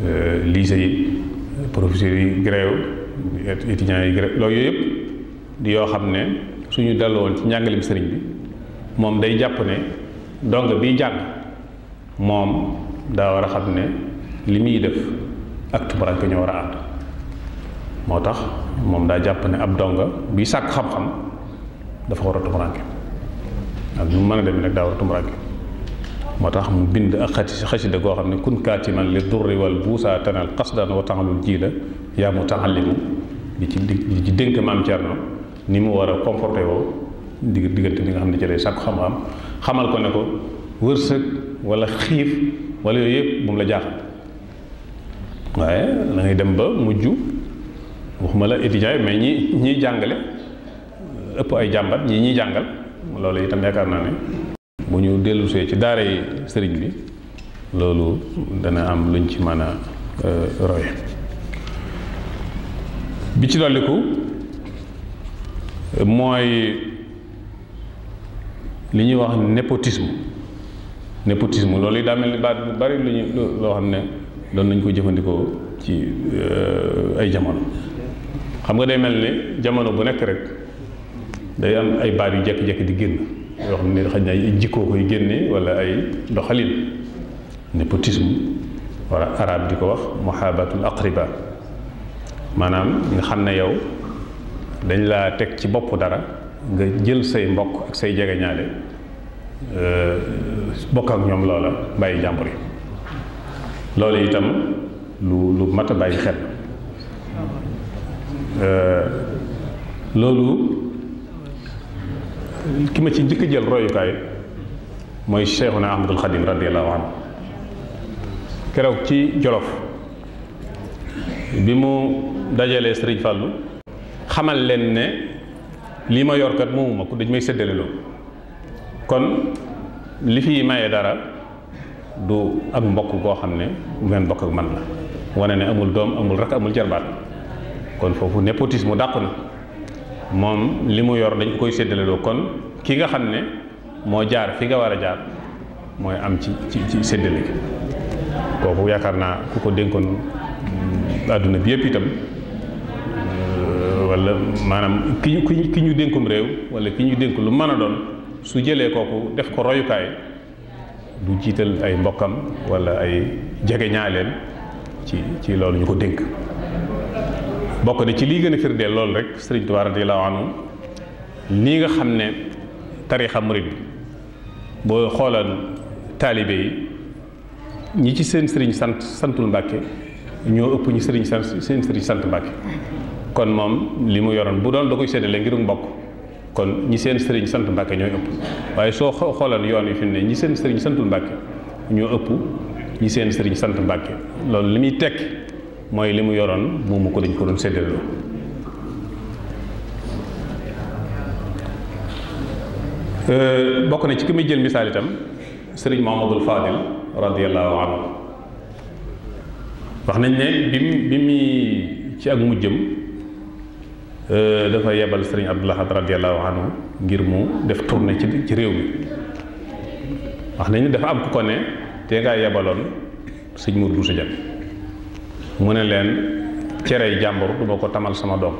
Speaker 3: euh, lise yi professeurs yi grève étudiants yi grève loolu yooyu yëpp di yoo xam ne suñu delloo woon ci njàngaleem sëriñ bi moom day jàpp ne dong bi jàng moom daa war a xam ne li muy def ak tumuraanke ñoo war a ànd moo tax moom daa jàpp ne ab donga bi sàkk xam-xam dafa war a tumuraanke ak nu mu mën a demee nag daa war a tumuraanke moo tax mu bind ak xasi xasida goo xam ne kun kaatiman li durri wal buusa tanal xasdan wa tanalul jii la yaa mu taxalimu li ci li ci dénk maam Cerno ni mu war a comporté woo dig diggante bi nga xam ne ci lay sàkku xam-xam xamal ko ne ko wërsëg wala xiif wala yooyu yëpp moom la jaaxal waaye da ngay dem ba mujj waxuma la étudiant mais ñi ñiy jàngale ëpp ay jàmbat ñi ñiy jàngal loolu itam yaakaar naa ne bu ñu dellusee ci daara yi sëriñ bi loolu dana am luñ ci mën a euh, roye bi ci dolliku mooy li ñuy wax népotisme népotisme loolu yi daa mel ni baat bu bari lu ñu loo xam ne doon nañ ko jëfandikoo ci euh, ay jamono xam nga day mel ni jamono bu nekk rek day am ay baat yu jekki-jekki di génn yoo xam ne xaj na ay jikkoo koy génne wala ay doxalin népotisme wala arab di ko wax muhabatul aqriba maanaam nga xam ne yow dañ laa teg ci bopp dara nga jël say mbokk ak say jegeñaale euh, bokk ak ñoom loola bàyyi jàmbur yi loolu itam lu lu mat a bàyyi xel euh, loolu ki ma ci njëkk jël royukaay mooy Cheikhuna Ahmadul Xadim radiyallahu anhu keroog ci Jolof bi mu dajalee Sëriñ Fàllu xamal leen ne lii ma yor kat ma ko dañ may séddale kon li fi maye dara du ak mbokk goo xam ne ngeen mbokk ak man la wane ne amul doom amul rak amul jarbaat kon foofu népotisme dàqu na moom li mu yor dañ ko koy séddaleloo kon ki nga xam ne moo jaar fi nga war a jaar mooy am ci ci ci séddale kooku yaakaar naa ku ko dénkoon àdduna bi yëpp itam wala maanaam ki ñu ki ñu dénkum réew wala ki ñu dénk lu mën a doon su jëlee kooku def ko royukaay du jiital ay mbokkam wala ay jege ñaaleem ci ci loolu ñu ko dénk bokk na ci lii gën a de loolu rek sëriñ Tuubaa radiyallaahu law nii nga xam ne tarixa murid bi boo xoolaan taalibe yi ñi ci seen sëriñ sant santul Mbàkke ñoo ëpp ñu sëriñ sant seen sëriñ sant Mbàkke kon moom li mu yoroon bu doon da koy séddale ngirum mbokk kon ñi seen sëriñ sant mbàkke ñooy ëpp waaye soo xooloon yoon yi fi mu ne ñi seen sëriñ santul mbàkke ñoo ëpp ñi seen sëriñ sant mbàkke loolu li muy tekk mooy li mu yoroon moomu ko dañ ko doon séddaloo euh, bokk na ci ki muy jël misaal sëriñ Mahamadul Fadil radiyallahu anhu wax nañ ne bi bi muy ci ak mujjëm Euh, dafa yebal sëriñ Abdou Lahad radiyallahu anhu ngir mu def tournée ci ci réew mi wax nañu dafa am ku ko ne te ngaa yebaloon sëñ Mourou Bousso Dieng mu ne leen cere jàmbur du ko tamal sama doom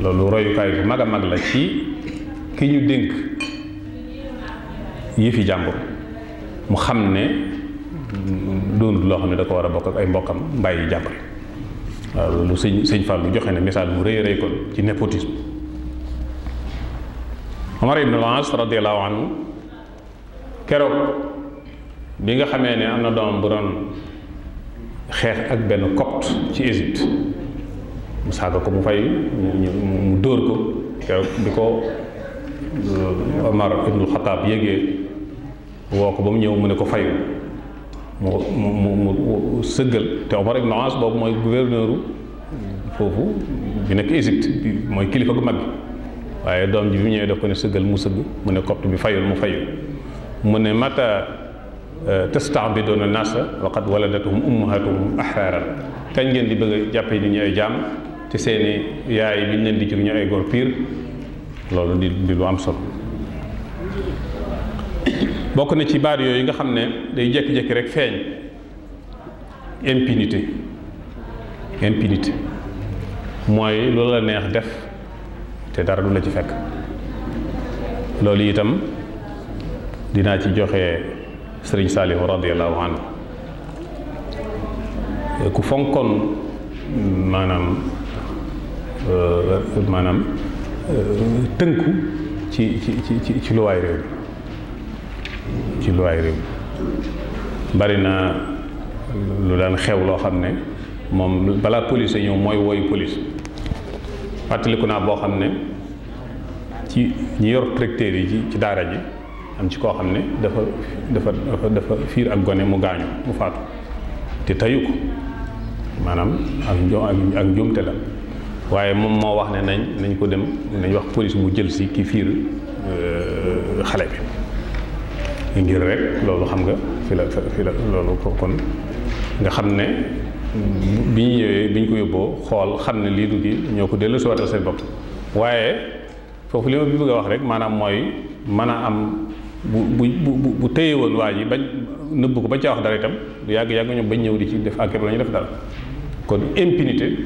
Speaker 3: loolu royukaay bu mag a mag la ci ki ñu dénk fi jàmbur mu xam ne doonut loo xam ne da ko war a bokk ak ay mbokkam mbàyyi jàmbur waaw loolu sëñ sëñ Fallou joxe na misaal mu rëy rëy kon ci népotisme Omar ibn al-As radiyallahu keroog bi nga xamee ne am na doom bu doon xeex ak benn copte ci Égypte mu saaga ko mu fay mu dóor ko keroog bi ko euh, Omar ibn al-Khattab woo ko ba mu ñëw mu ne ko fayu mu mu mu sëggal te Omar ibn boobu mooy gouverneur foofu bi nekk Égypte bi mooy kilifa gu mag bi waaye doom ji bi mu ñëwee ko ne sëggal mu sëgg mu ne copte bi fayul mu fayul mu ne mata euh, tastaabidoona naasa waqad waladatuhum ummahatuhum ahraran kañ ngeen di bëgg jàppee ni ñu ay jaam te seeni yaay ñu leen di jur ñu ay góor piir loolu di di lu am solo bokk na ci baat yooyu nga xam ne day jékki-jékki rek feeñ impunité impunité mooy lu la neex def te dara du la ci fekk loolu itam dinaa ci joxe sëriñ Saalihu radiyallahu anhu ku fonkoon maanaam euh, maanaam euh, tënku ci ci ci ci luwaay réew ci luwaay réew bari na lu daan xew loo xam ne moom balaa police ñëw mooy woyu police fàttaliku naa boo xam ne ci ñi yor tracteur yi ci ci daara ji am ci koo xam ne dafa dafa dafa fiir ak gone mu gaañu mu faatu te tayu ko maanaam ak njo ak njuumte la waaye moom moo wax ne nañ nañ ko dem nañ wax police mu jël si ki fiir euh, xale bi ngir rek loolu xam nga fi la fi la loolu ko kon nga xam ne bi ñu ñëwee bi ñu ko yóbboo xool xam ne lii du ñoo ko dellu si waatal seen bopp waaye foofu li ma bi bëgg a wax rek maanaam mooy mën a am bu bu bu bu téye woon waa ji bañ nëbb ko ba caa wax dara itam du yàgg yàgg ñoom bañ ñëw di ci def enquête la ñu def dara kon impunité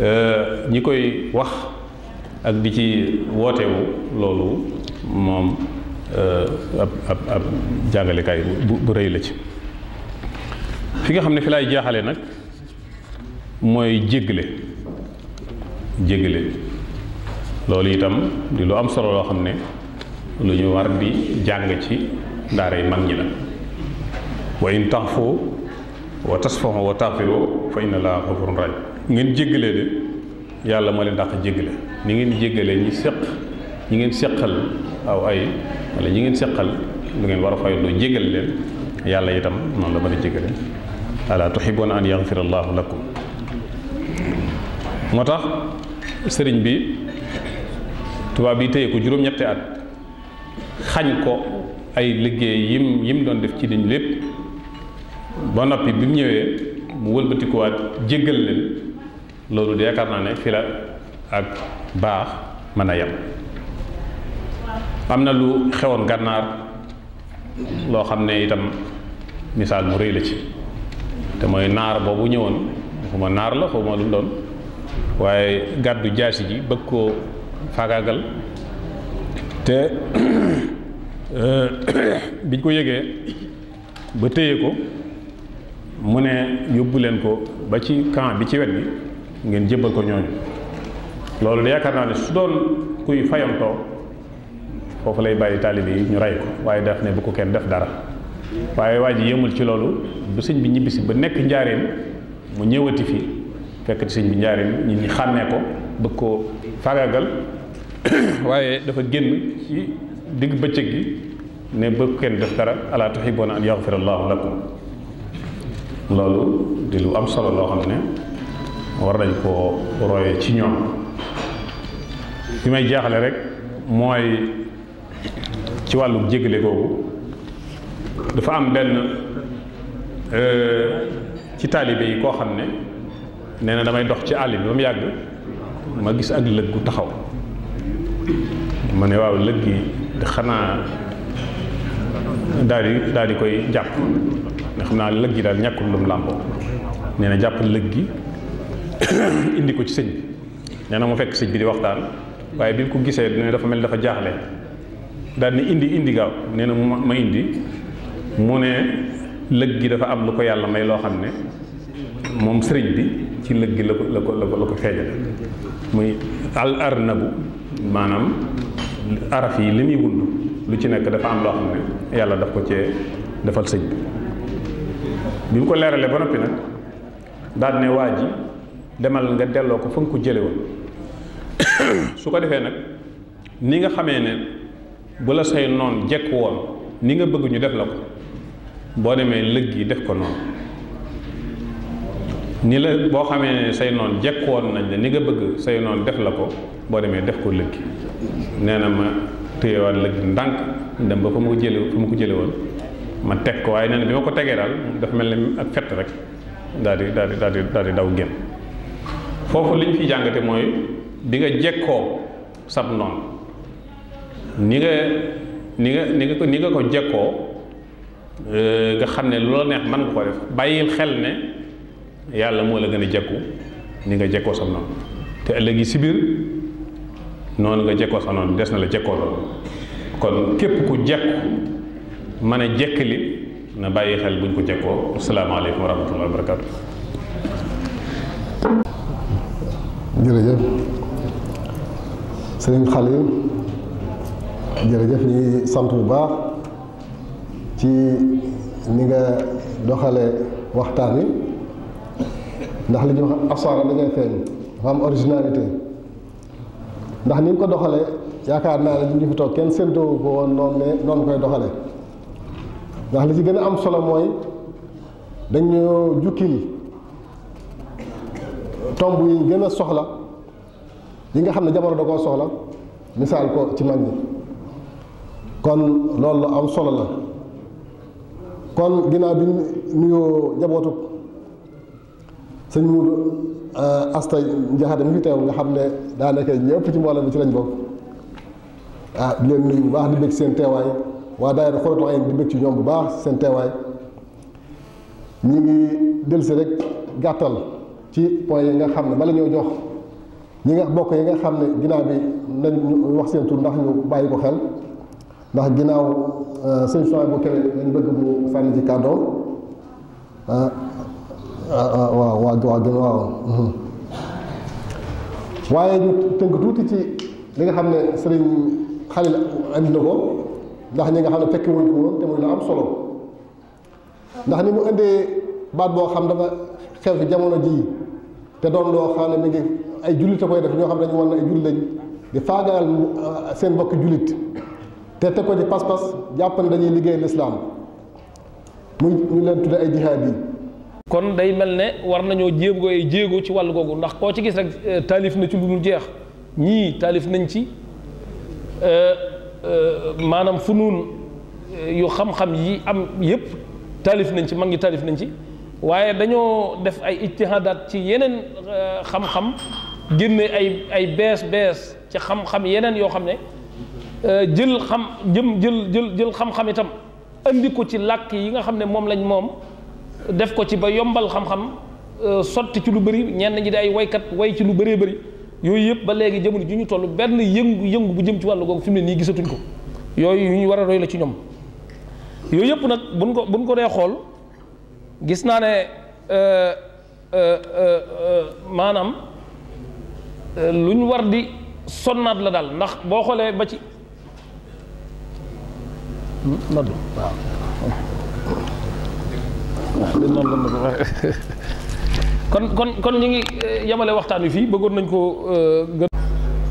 Speaker 3: euh, ñi koy wax ak di ci wootewu loolu moom Euh, ab ab ab jàngalekaay bu bu rëy la ci fi nga xam ne fi lay jaaxale nag mooy jéggale jéggale loolu itam di lu am solo loo xam ne lu ñu war bi jàng ci daara yi mag ñi la wa in taxfu wa tasfahu wa taxfiru fa inna laa xafurun rahim ngeen jéggalee de yàlla moo leen dàq jéggale ni ngeen jéggalee ñi séq ñu ngeen seqal aw ay wala ñu ngeen seqal lu ngeen war a fay loo jégal leen yàlla itam noonu la mën a jégale ala tuhibuuna an yaxfira allahu moo tax sëriñ bi tubaab yi téye ko juróom-ñetti at xañ ko ay liggéey yim yim doon def ci liñ lépp ba noppi bi mu ñëwee mu wëlbatikuwaat jéggal leen loolu de yaakaar naa ne fi ak baax mën a yem am na lu xewoon gànnaar loo xam ne itam misaal mu rëy la ci te mooy naar boobu ñëwoon ma naar la xuma lu mu doon waaye gàddu jaasi ji bëgg koo faagaagal te euh, biñ ko yëgee ba téye ko mu ne yóbbuleen ko ba ci camp bi ci wet bi ngeen jébbal ko ñooñu loolu yaakaar naa ne su doon kuy fayantoo foofu lay bàyyi taalibe yi ñu ray ko waaye daf ne bu ko kenn def dara waaye waa ji ci loolu bu sëñ bi ñibbisi ba nekk njaareem mu ñëwati fi fekk sëñ bi njaareem ñi ñi xànnee ko bëgg koo faagaagal waaye dafa génn ci digg bëccëg gi ne ba kenn def dara ala tuhibbuna an yaghfira allahu lakum loolu di lu am solo loo xam ne war nañ koo roye ci ñoom li may jaaxale rek mooy wàllu jégle googu dafa am benn euh, ci taalibe yi koo xam ne nee na damay dox ci àll bi ba mu yàgg ma gis ak lëg gu taxaw ma ne waaw lëg gi xanaa daal di daal di koy jàpp nga xam naa lëg gi daal ñàkkul lum làmboo nee na jàpp lëg gi indi ko ci sëñ bi nee na mu fekk sëñ bi di waxtaan waaye bi ko gisee ne dafa mel dafa jaaxle daal ni indi indi gaaw nee na mu ma indi mu ne lëg gi dafa am lu ko yàlla may loo xam ne moom sëriñ bi ci lëg gi la ko la ko la ko feeñal muy al arnabu maanaam araf yi li muy wund lu ci nekk dafa am loo xam ne yàlla daf ko cee defal sëñ bi bi mu ko leeralee ba nag daal ne waa ji demal nga delloo ko fa nga ko jële su ko defee nag ni nga xamee ne bu la say noon jekk woon ni nga bëgg ñu def la ko boo demee lëg yi def ko noonu ni la boo xamee ne say noon jekk woon nañ la ni nga bëgg say noon def la ko boo demee def ko lëg nee na ma téyewaat lëg ndànk dem ba ma ko jële fa ma ko jële woon ma teg ko waaye nee na bi ma ko tegee daal dafa mel ni ak fett rek daal di daal di daw génn foofu li ñu fi jàngate mooy bi nga jekkoo sab noon ni nga ni nga ni nga ko ni nga ko jekkoo euh, nga xam ne lu la neex mën nga ko def bàyyil xel ne yàlla moo la gën a jekku ni nga jekkoo sa noonu te ëllëg yi si biir noonu nga jekkoo sa noonu des na la jekkoo loolu kon képp ku jekku mën a jekkali na bàyyi xel buñ ko jekkoo asalaamaaleykum wa rahmatullahi wa barakatu
Speaker 2: jërëjëf sëriñ jërëjëf ñuy sant bu baax ci ni nga doxale waxtaan wi ndax li ñuy wax asaara da ngay feeñ dafa am originalité ndax ni ko doxale yaakaar naa ne ñu fi toog kenn séntoo ko woon noonu ne noonu doxale ndax li ci gën a am solo mooy dañu jukkil tomb yi gën a soxla yi nga xam ne jamono da soxla misaal ko ci mag ñi kon loolu la am solo la kon ginnaaw bi nuyoo njabootu sëñ Muudu eh, Asta Njaxate mi fi teew nga xam ne daanaka ñëpp ci mbooloo bi ci lañ bokk ah di leen nuyu bu baax di bëgg seen teewaay waa daayira Xuratul Ayn di bëgg ci ñoom bu baax seen teewaay ñu ngi dellusi rek gàttal ci point yi nga xam ne bala ñoo jox ñi nga bokk yi nga xam ne ginnaaw bi nañ wax seen tur ndax ñu bàyyi ko xel ndax ginnaaw euh, sëñ Soy bu keneen lañ bëgg mu sànni ci kàddoom euh, euh, waaw waaw mhm. waaye ñu tënk tuuti ci li nga xam ne sëriñ Xalil andi na ko ndax ñi nga xam ne fekki wuñ ko woon te la am solo ndax ni mu indee baat boo xam dafa xew ci jamono ji te doon loo xam ne mi ngi ay jullit a koy def ñoo xam ne dañu war na ay jullit lañ di faagaal seen mbokk jullit te teg ko ci pas-pas jàpp ne dañuy liggéey lislaam muy ñu leen tudde ay jihaad yi
Speaker 4: kon day mel ne war nañoo jéego ay jéego ci wàllu googu ndax koo ci gis rek euh, taalif na ci lu dul jeex ñii taalif nañ ci euh, euh, maanaam funuun yu xam-xam yi am yépp taalif nañ ci mag ñi taalif nañ ci waaye dañoo def ay ijtihaadaat ci yeneen xam-xam génne ay ay bees bees ci xam-xam yeneen yoo xam ne Euh, jël xam jëm jël jël jël xam-xam itam andi ko ci làkk yi nga xam ne moom lañ moom def ko ci ba yombal xam-xam euh, sotti ci lu bëri ñenn ñi di ay waykat way ci lu bëree bari yooyu yëpp ba léegi jamono ju ñu toll benn yëngu yëngu bu jëm ci wàllu googu fi mu ne nii gisatuñ ko yooyu yu ñu war a roy la ci ñoom yooyu yëpp nag buñ ko buñ ko dee xool gis naa ne euh, maanaam lu ñu war di sonnaat la daal ndax boo xoolee ba ci kon kon kon ñu ngi eh, yemale waxtaan wi fii bëggoon nañ ko eh, gën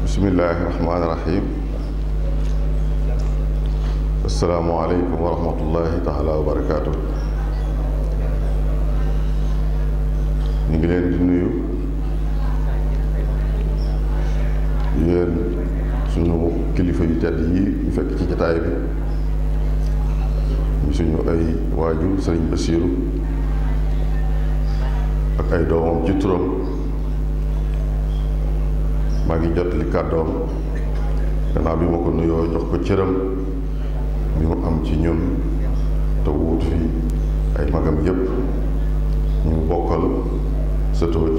Speaker 5: bismillaahi rahmaani rahiim assalaamu aleykum wa rahmatullaahi taala wa barakaatu ñu ngi leen di nuyu yéen kilifa yu tedd yi ñu fekk ci jataay suñu ay waajur sëriñ Basiiru ak ay doomam ci turam maa ngi jot li kàddoom gannaaw bi ma ko nuyoo jox ko cëram bi mu am ci ñun te wuut fi ay magam yépp ñu bokkal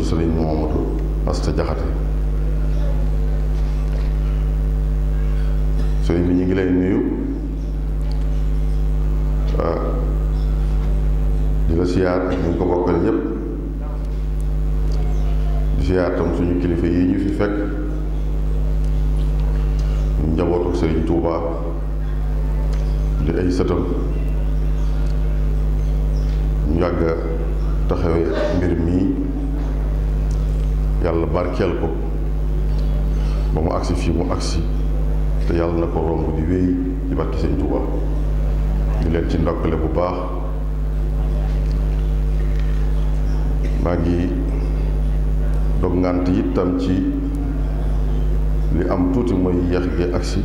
Speaker 5: sëriñ Moomadu Asta Jaxate sëriñ bi ñu ngi lay nuyu waaw di la ñu ngi ko bokkal ñëpp di siyaar suñu kilifa yi ñu fi fekk ñu njabootu Sëriñ Tuubaa di ay sëtam ñu yàgg taxawee mbir mii yàlla barkeel ko ba mu agsi fii mu agsi te yàlla na ko romb di wéy di barki Sëriñ Tuubaa di leen ci ndokkale bu baax maa ngi dog ngànt itam ci li am tuuti mooy yeex gi agsi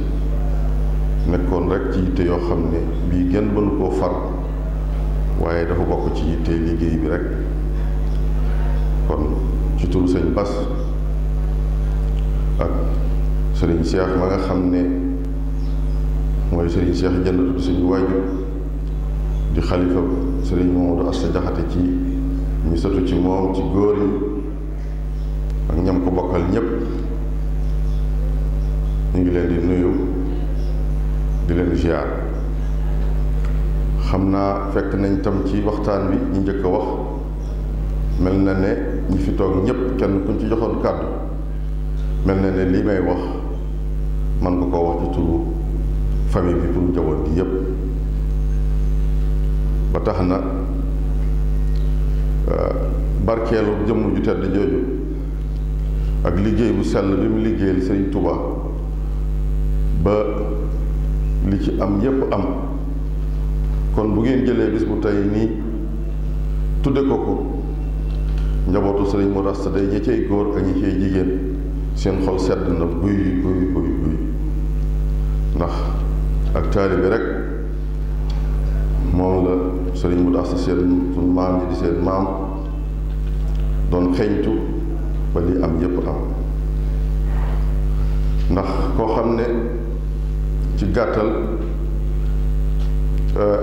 Speaker 5: nekkoon rek ci yitte yoo xam ne bii gën mënu koo far waaye dafa bokk ci yitte liggéey bi rek kon ci turu sëñ Bas ak sëriñ Cheikh ma nga xam ne mooy sëriñ Cheikh jënd suñu waajur di xalifa sëriñ Mamadou Asta Jaxate ci ñu sotu ci moom ci góor yi ak ñam ko bokkal ñépp ñu ngi leen di nuyu di leen ziar xam naa fekk nañ tam ci waxtaan bi ñu njëkk a wax mel na ne ñi fi toog ñépp kenn kuñ ci joxoon kàddu mel na ne lii may wax man nga koo wax ci turu famille bi pour njaboot gi yépp ba tax na euh, barkeelu jëmm ju tedd jooju ak liggéey bu sell bi mu liggéeyal Sëriñ Tuubaa ba li ci am yépp am kon bu ngeen jëlee bis bu tey nii tudde ko ko njabootu sëriñ mu rasta day ñi cay góor ak ñi jigéen seen xol sedd na buy buy buy buy ndax ak taalibe rek moom la sëriñ mu tax seen maam yi di seen maam doon xeeñtu ba li am yépp am ndax koo xam ne ci gàttal euh,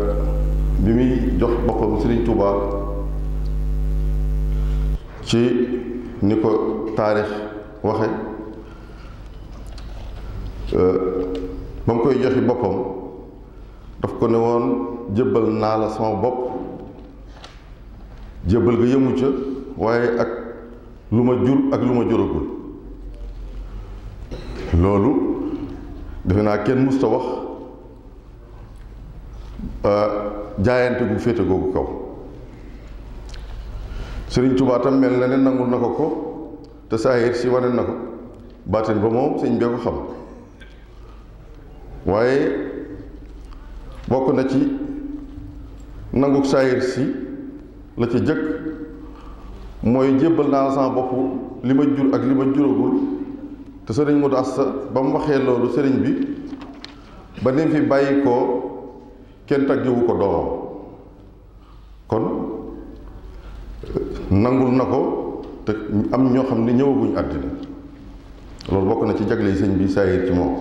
Speaker 5: bi muy jox boppam sëriñ Tuubaa ci ni ko taarix waxe euh, ba mu koy joxi boppam daf ko ne woon jébbal naa la sama bopp jébbal ga yëmu ca waaye ak lu ma jur ak lu ma juragul loolu defe naa kenn musta wax jaayante gu féete googu kaw Sëriñ Tuubaa mel na ne nangul na ko ko te saahir si wane na ko ba moom sëñ bee ko xam waaye bokk na ci nangu saayir si la ci jëkk mooy jébbal naa la sama bopp li ma jur ak li ma juragul te sëriñ Modou Asta ba mu waxee loolu sëriñ bi ba ni fi bàyyi ko kenn taggiwu ko doomam kon nangul na ko te am ñoo xam ne ñëwaguñu àddina loolu bokk na ci jagle yi sëñ bi saayir ci moom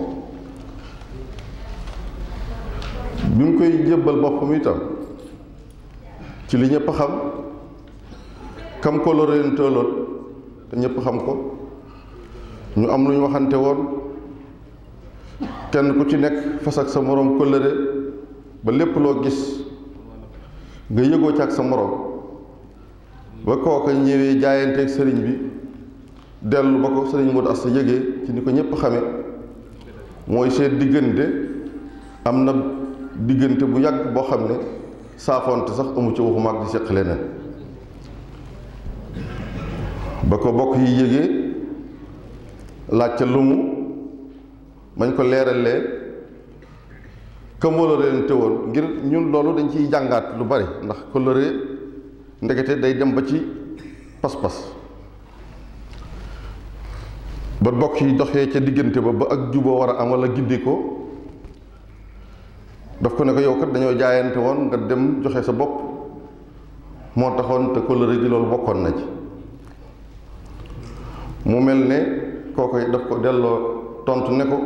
Speaker 5: bi mu koy jébbal boppam itam ci li ñëpp xam kam ko loreen tëloon te ñëpp xam ko ñu am lu ñu waxante woon kenn ku ci nekk fas ak sa moroom kóllëre ba lépp loo gis nga yëgoo ci ak sa moroom ba kooka ñëwee jaayanteeg sëriñ bi dellu ba ko sëriñ Modou sa yëgee ci ni ko ñëpp xame mooy seen diggante am na diggante bu yàgg boo xam ne saafonte sax amu ci waxu mag di seq leneen ba ko bokk yi yëgee laaj ca lumu bañ ko leeralee këmala leen ngir ñun loolu dañ ciy jàngaat lu bari ndax coloré ndekete day dem ba ci pas-pas ba bokk yi doxee ca diggante ba ba ak juboo war a am wala gindi ko daf ko ne ko yow kat dañoo jaayante woon nga dem joxe sa bopp moo taxoon te kóllëre gi loolu bokkoon na ci mu mel ne kooku daf ko delloo tontu ne ko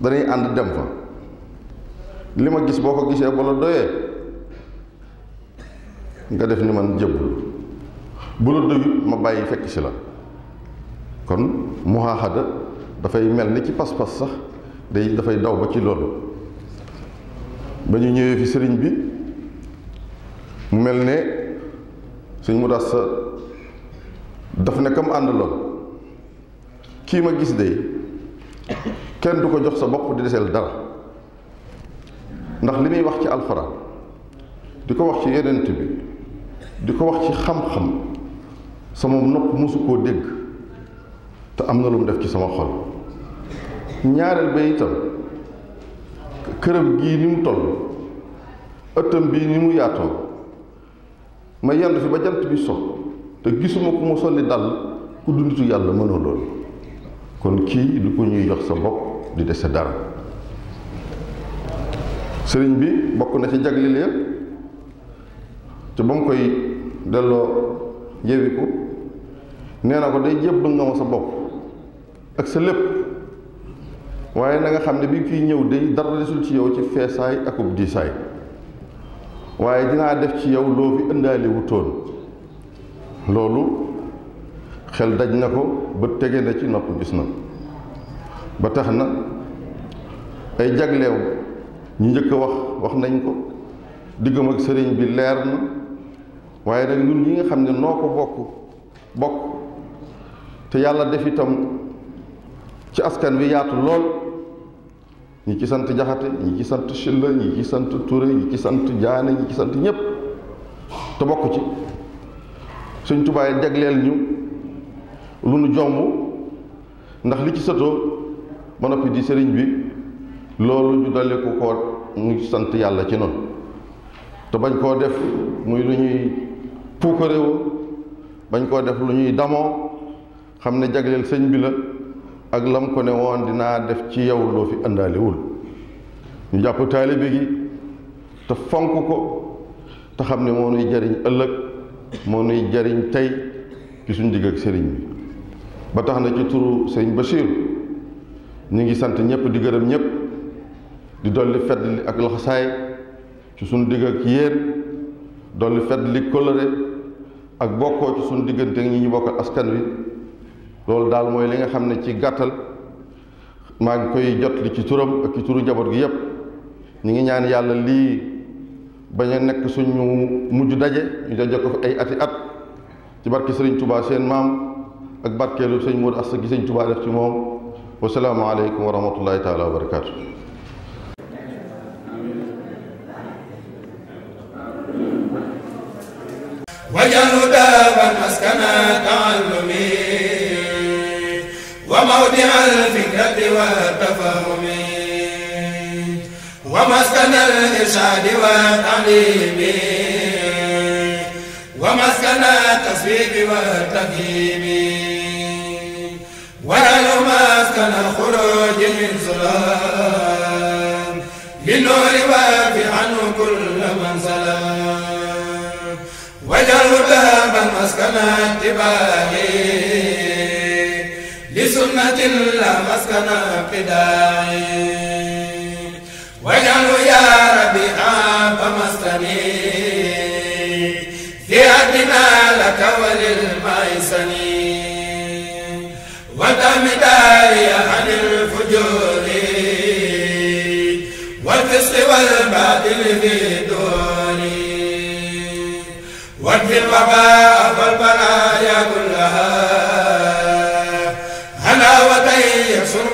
Speaker 5: dañuy ànd dem ko li ma gis boo ko gisee ba la doyee nga def ni man jëbbul bu la doyut ma bàyyi fekk si la kon muhaahada dafay mel ni ci pas-pas sax day dafay daw ba ci loolu ba ñu ñëwee fi sëriñ bi mu mel ne suñ mu das daf ne kam àndaloon kii ma gis day kenn du ko jox sa bopp di deseel dara ndax li muy wax ci alxuraan di ko wax ci yonent bi di ko wax ci xam-xam sama nopp mosu koo dégg te am na lu mu def ci sama xol ñaareel ba itam këram gii ni mu toll ëttam bii ni mu yaatoo ma yendu fi ba jant bi so te gisuma ku ma solli dal ku dunditu yàlla mënoo loolu kon kii du ko ñuy jox sa bopp di dese dara sëriñ bi bokk na ci jagleel ya te ba mu koy delloo yewi ko nee na ko day jébbal nga ma sa bopp ak sa lépp waaye na nga xam ne bi kiy ñëw day dara desul ci yow ci feesaay akub diisaay waaye dinaa def ci yow loo fi ëndaale wutoon loolu xel daj na ko ba tege na ci nopp gis na ba tax na ay jaglew ñu njëkk wax wax nañ ko diggam ak sëriñ bi leer na waaye nag ñun ñi nga xam ne noo ko bokk bokk te yàlla def itam ci askan wi yaatu lool ñi ci sant jaxate ñi ci sant Sylla ñi ci sant Touré ñi ci sant Diané ñi ci sant ñépp te bokku ci Sëñ Tuubaa jagleel ñu lu nu jomb ndax li ci sëtoo ba noppi di sëriñ bi loolu ñu dale ko koo ñu sant yàlla ci noonu te bañ koo def muy lu ñuy puukaréewu bañ koo def lu ñuy damoo xam ne jagleel sëñ bi la ak lam ko ne woon dinaa def ci yow loo fi àndaalewul ñu jàpp taalibe gi te fonk ko te xam ne moo nuy jariñ ëllëg moo nuy jariñ tey ci suñ digg ak sëriñ bi ba tax na ci turu sëriñ Bachir ñu ngi sant ñëpp di gërëm ñëpp di dolli fedd li ak laxasaay ci suñ digg ak yéen dolli fedd li kóllëre ak bokkoo ci suñ diggante ñi ñu bokkal askan wi loolu daal mooy li nga xam ne ci gàttal maa ngi koy jot li ci turam ak ci turu njaboot gi yépp ñu ngi ñaan yàlla lii ba a nekk suñu mujj daje ñu daje ko fi ay ati at ci barke sëriñ tubaa seen maam ak barkeelu sëñ Modou Asta gi sëñ Touba def ci moom wasalaamu aleykum wa rahmatullahi wa barakaatu
Speaker 1: جامع الفكرة والتفهم ومسكن الإرشاد والتعليم ومسكن التسبيب والتقييم ولو مسكن الخروج من ظلام للنور وفي عنه كل من سلام وجعل بابا مسكن اتباعي جنة لا مسكن قداعي واجعله يا ربي عاب مسكني في أدنى لك وللميسني ودم داري عن الفجور والفسق والباطل في دوني وادفي الوباء والبلايا كلها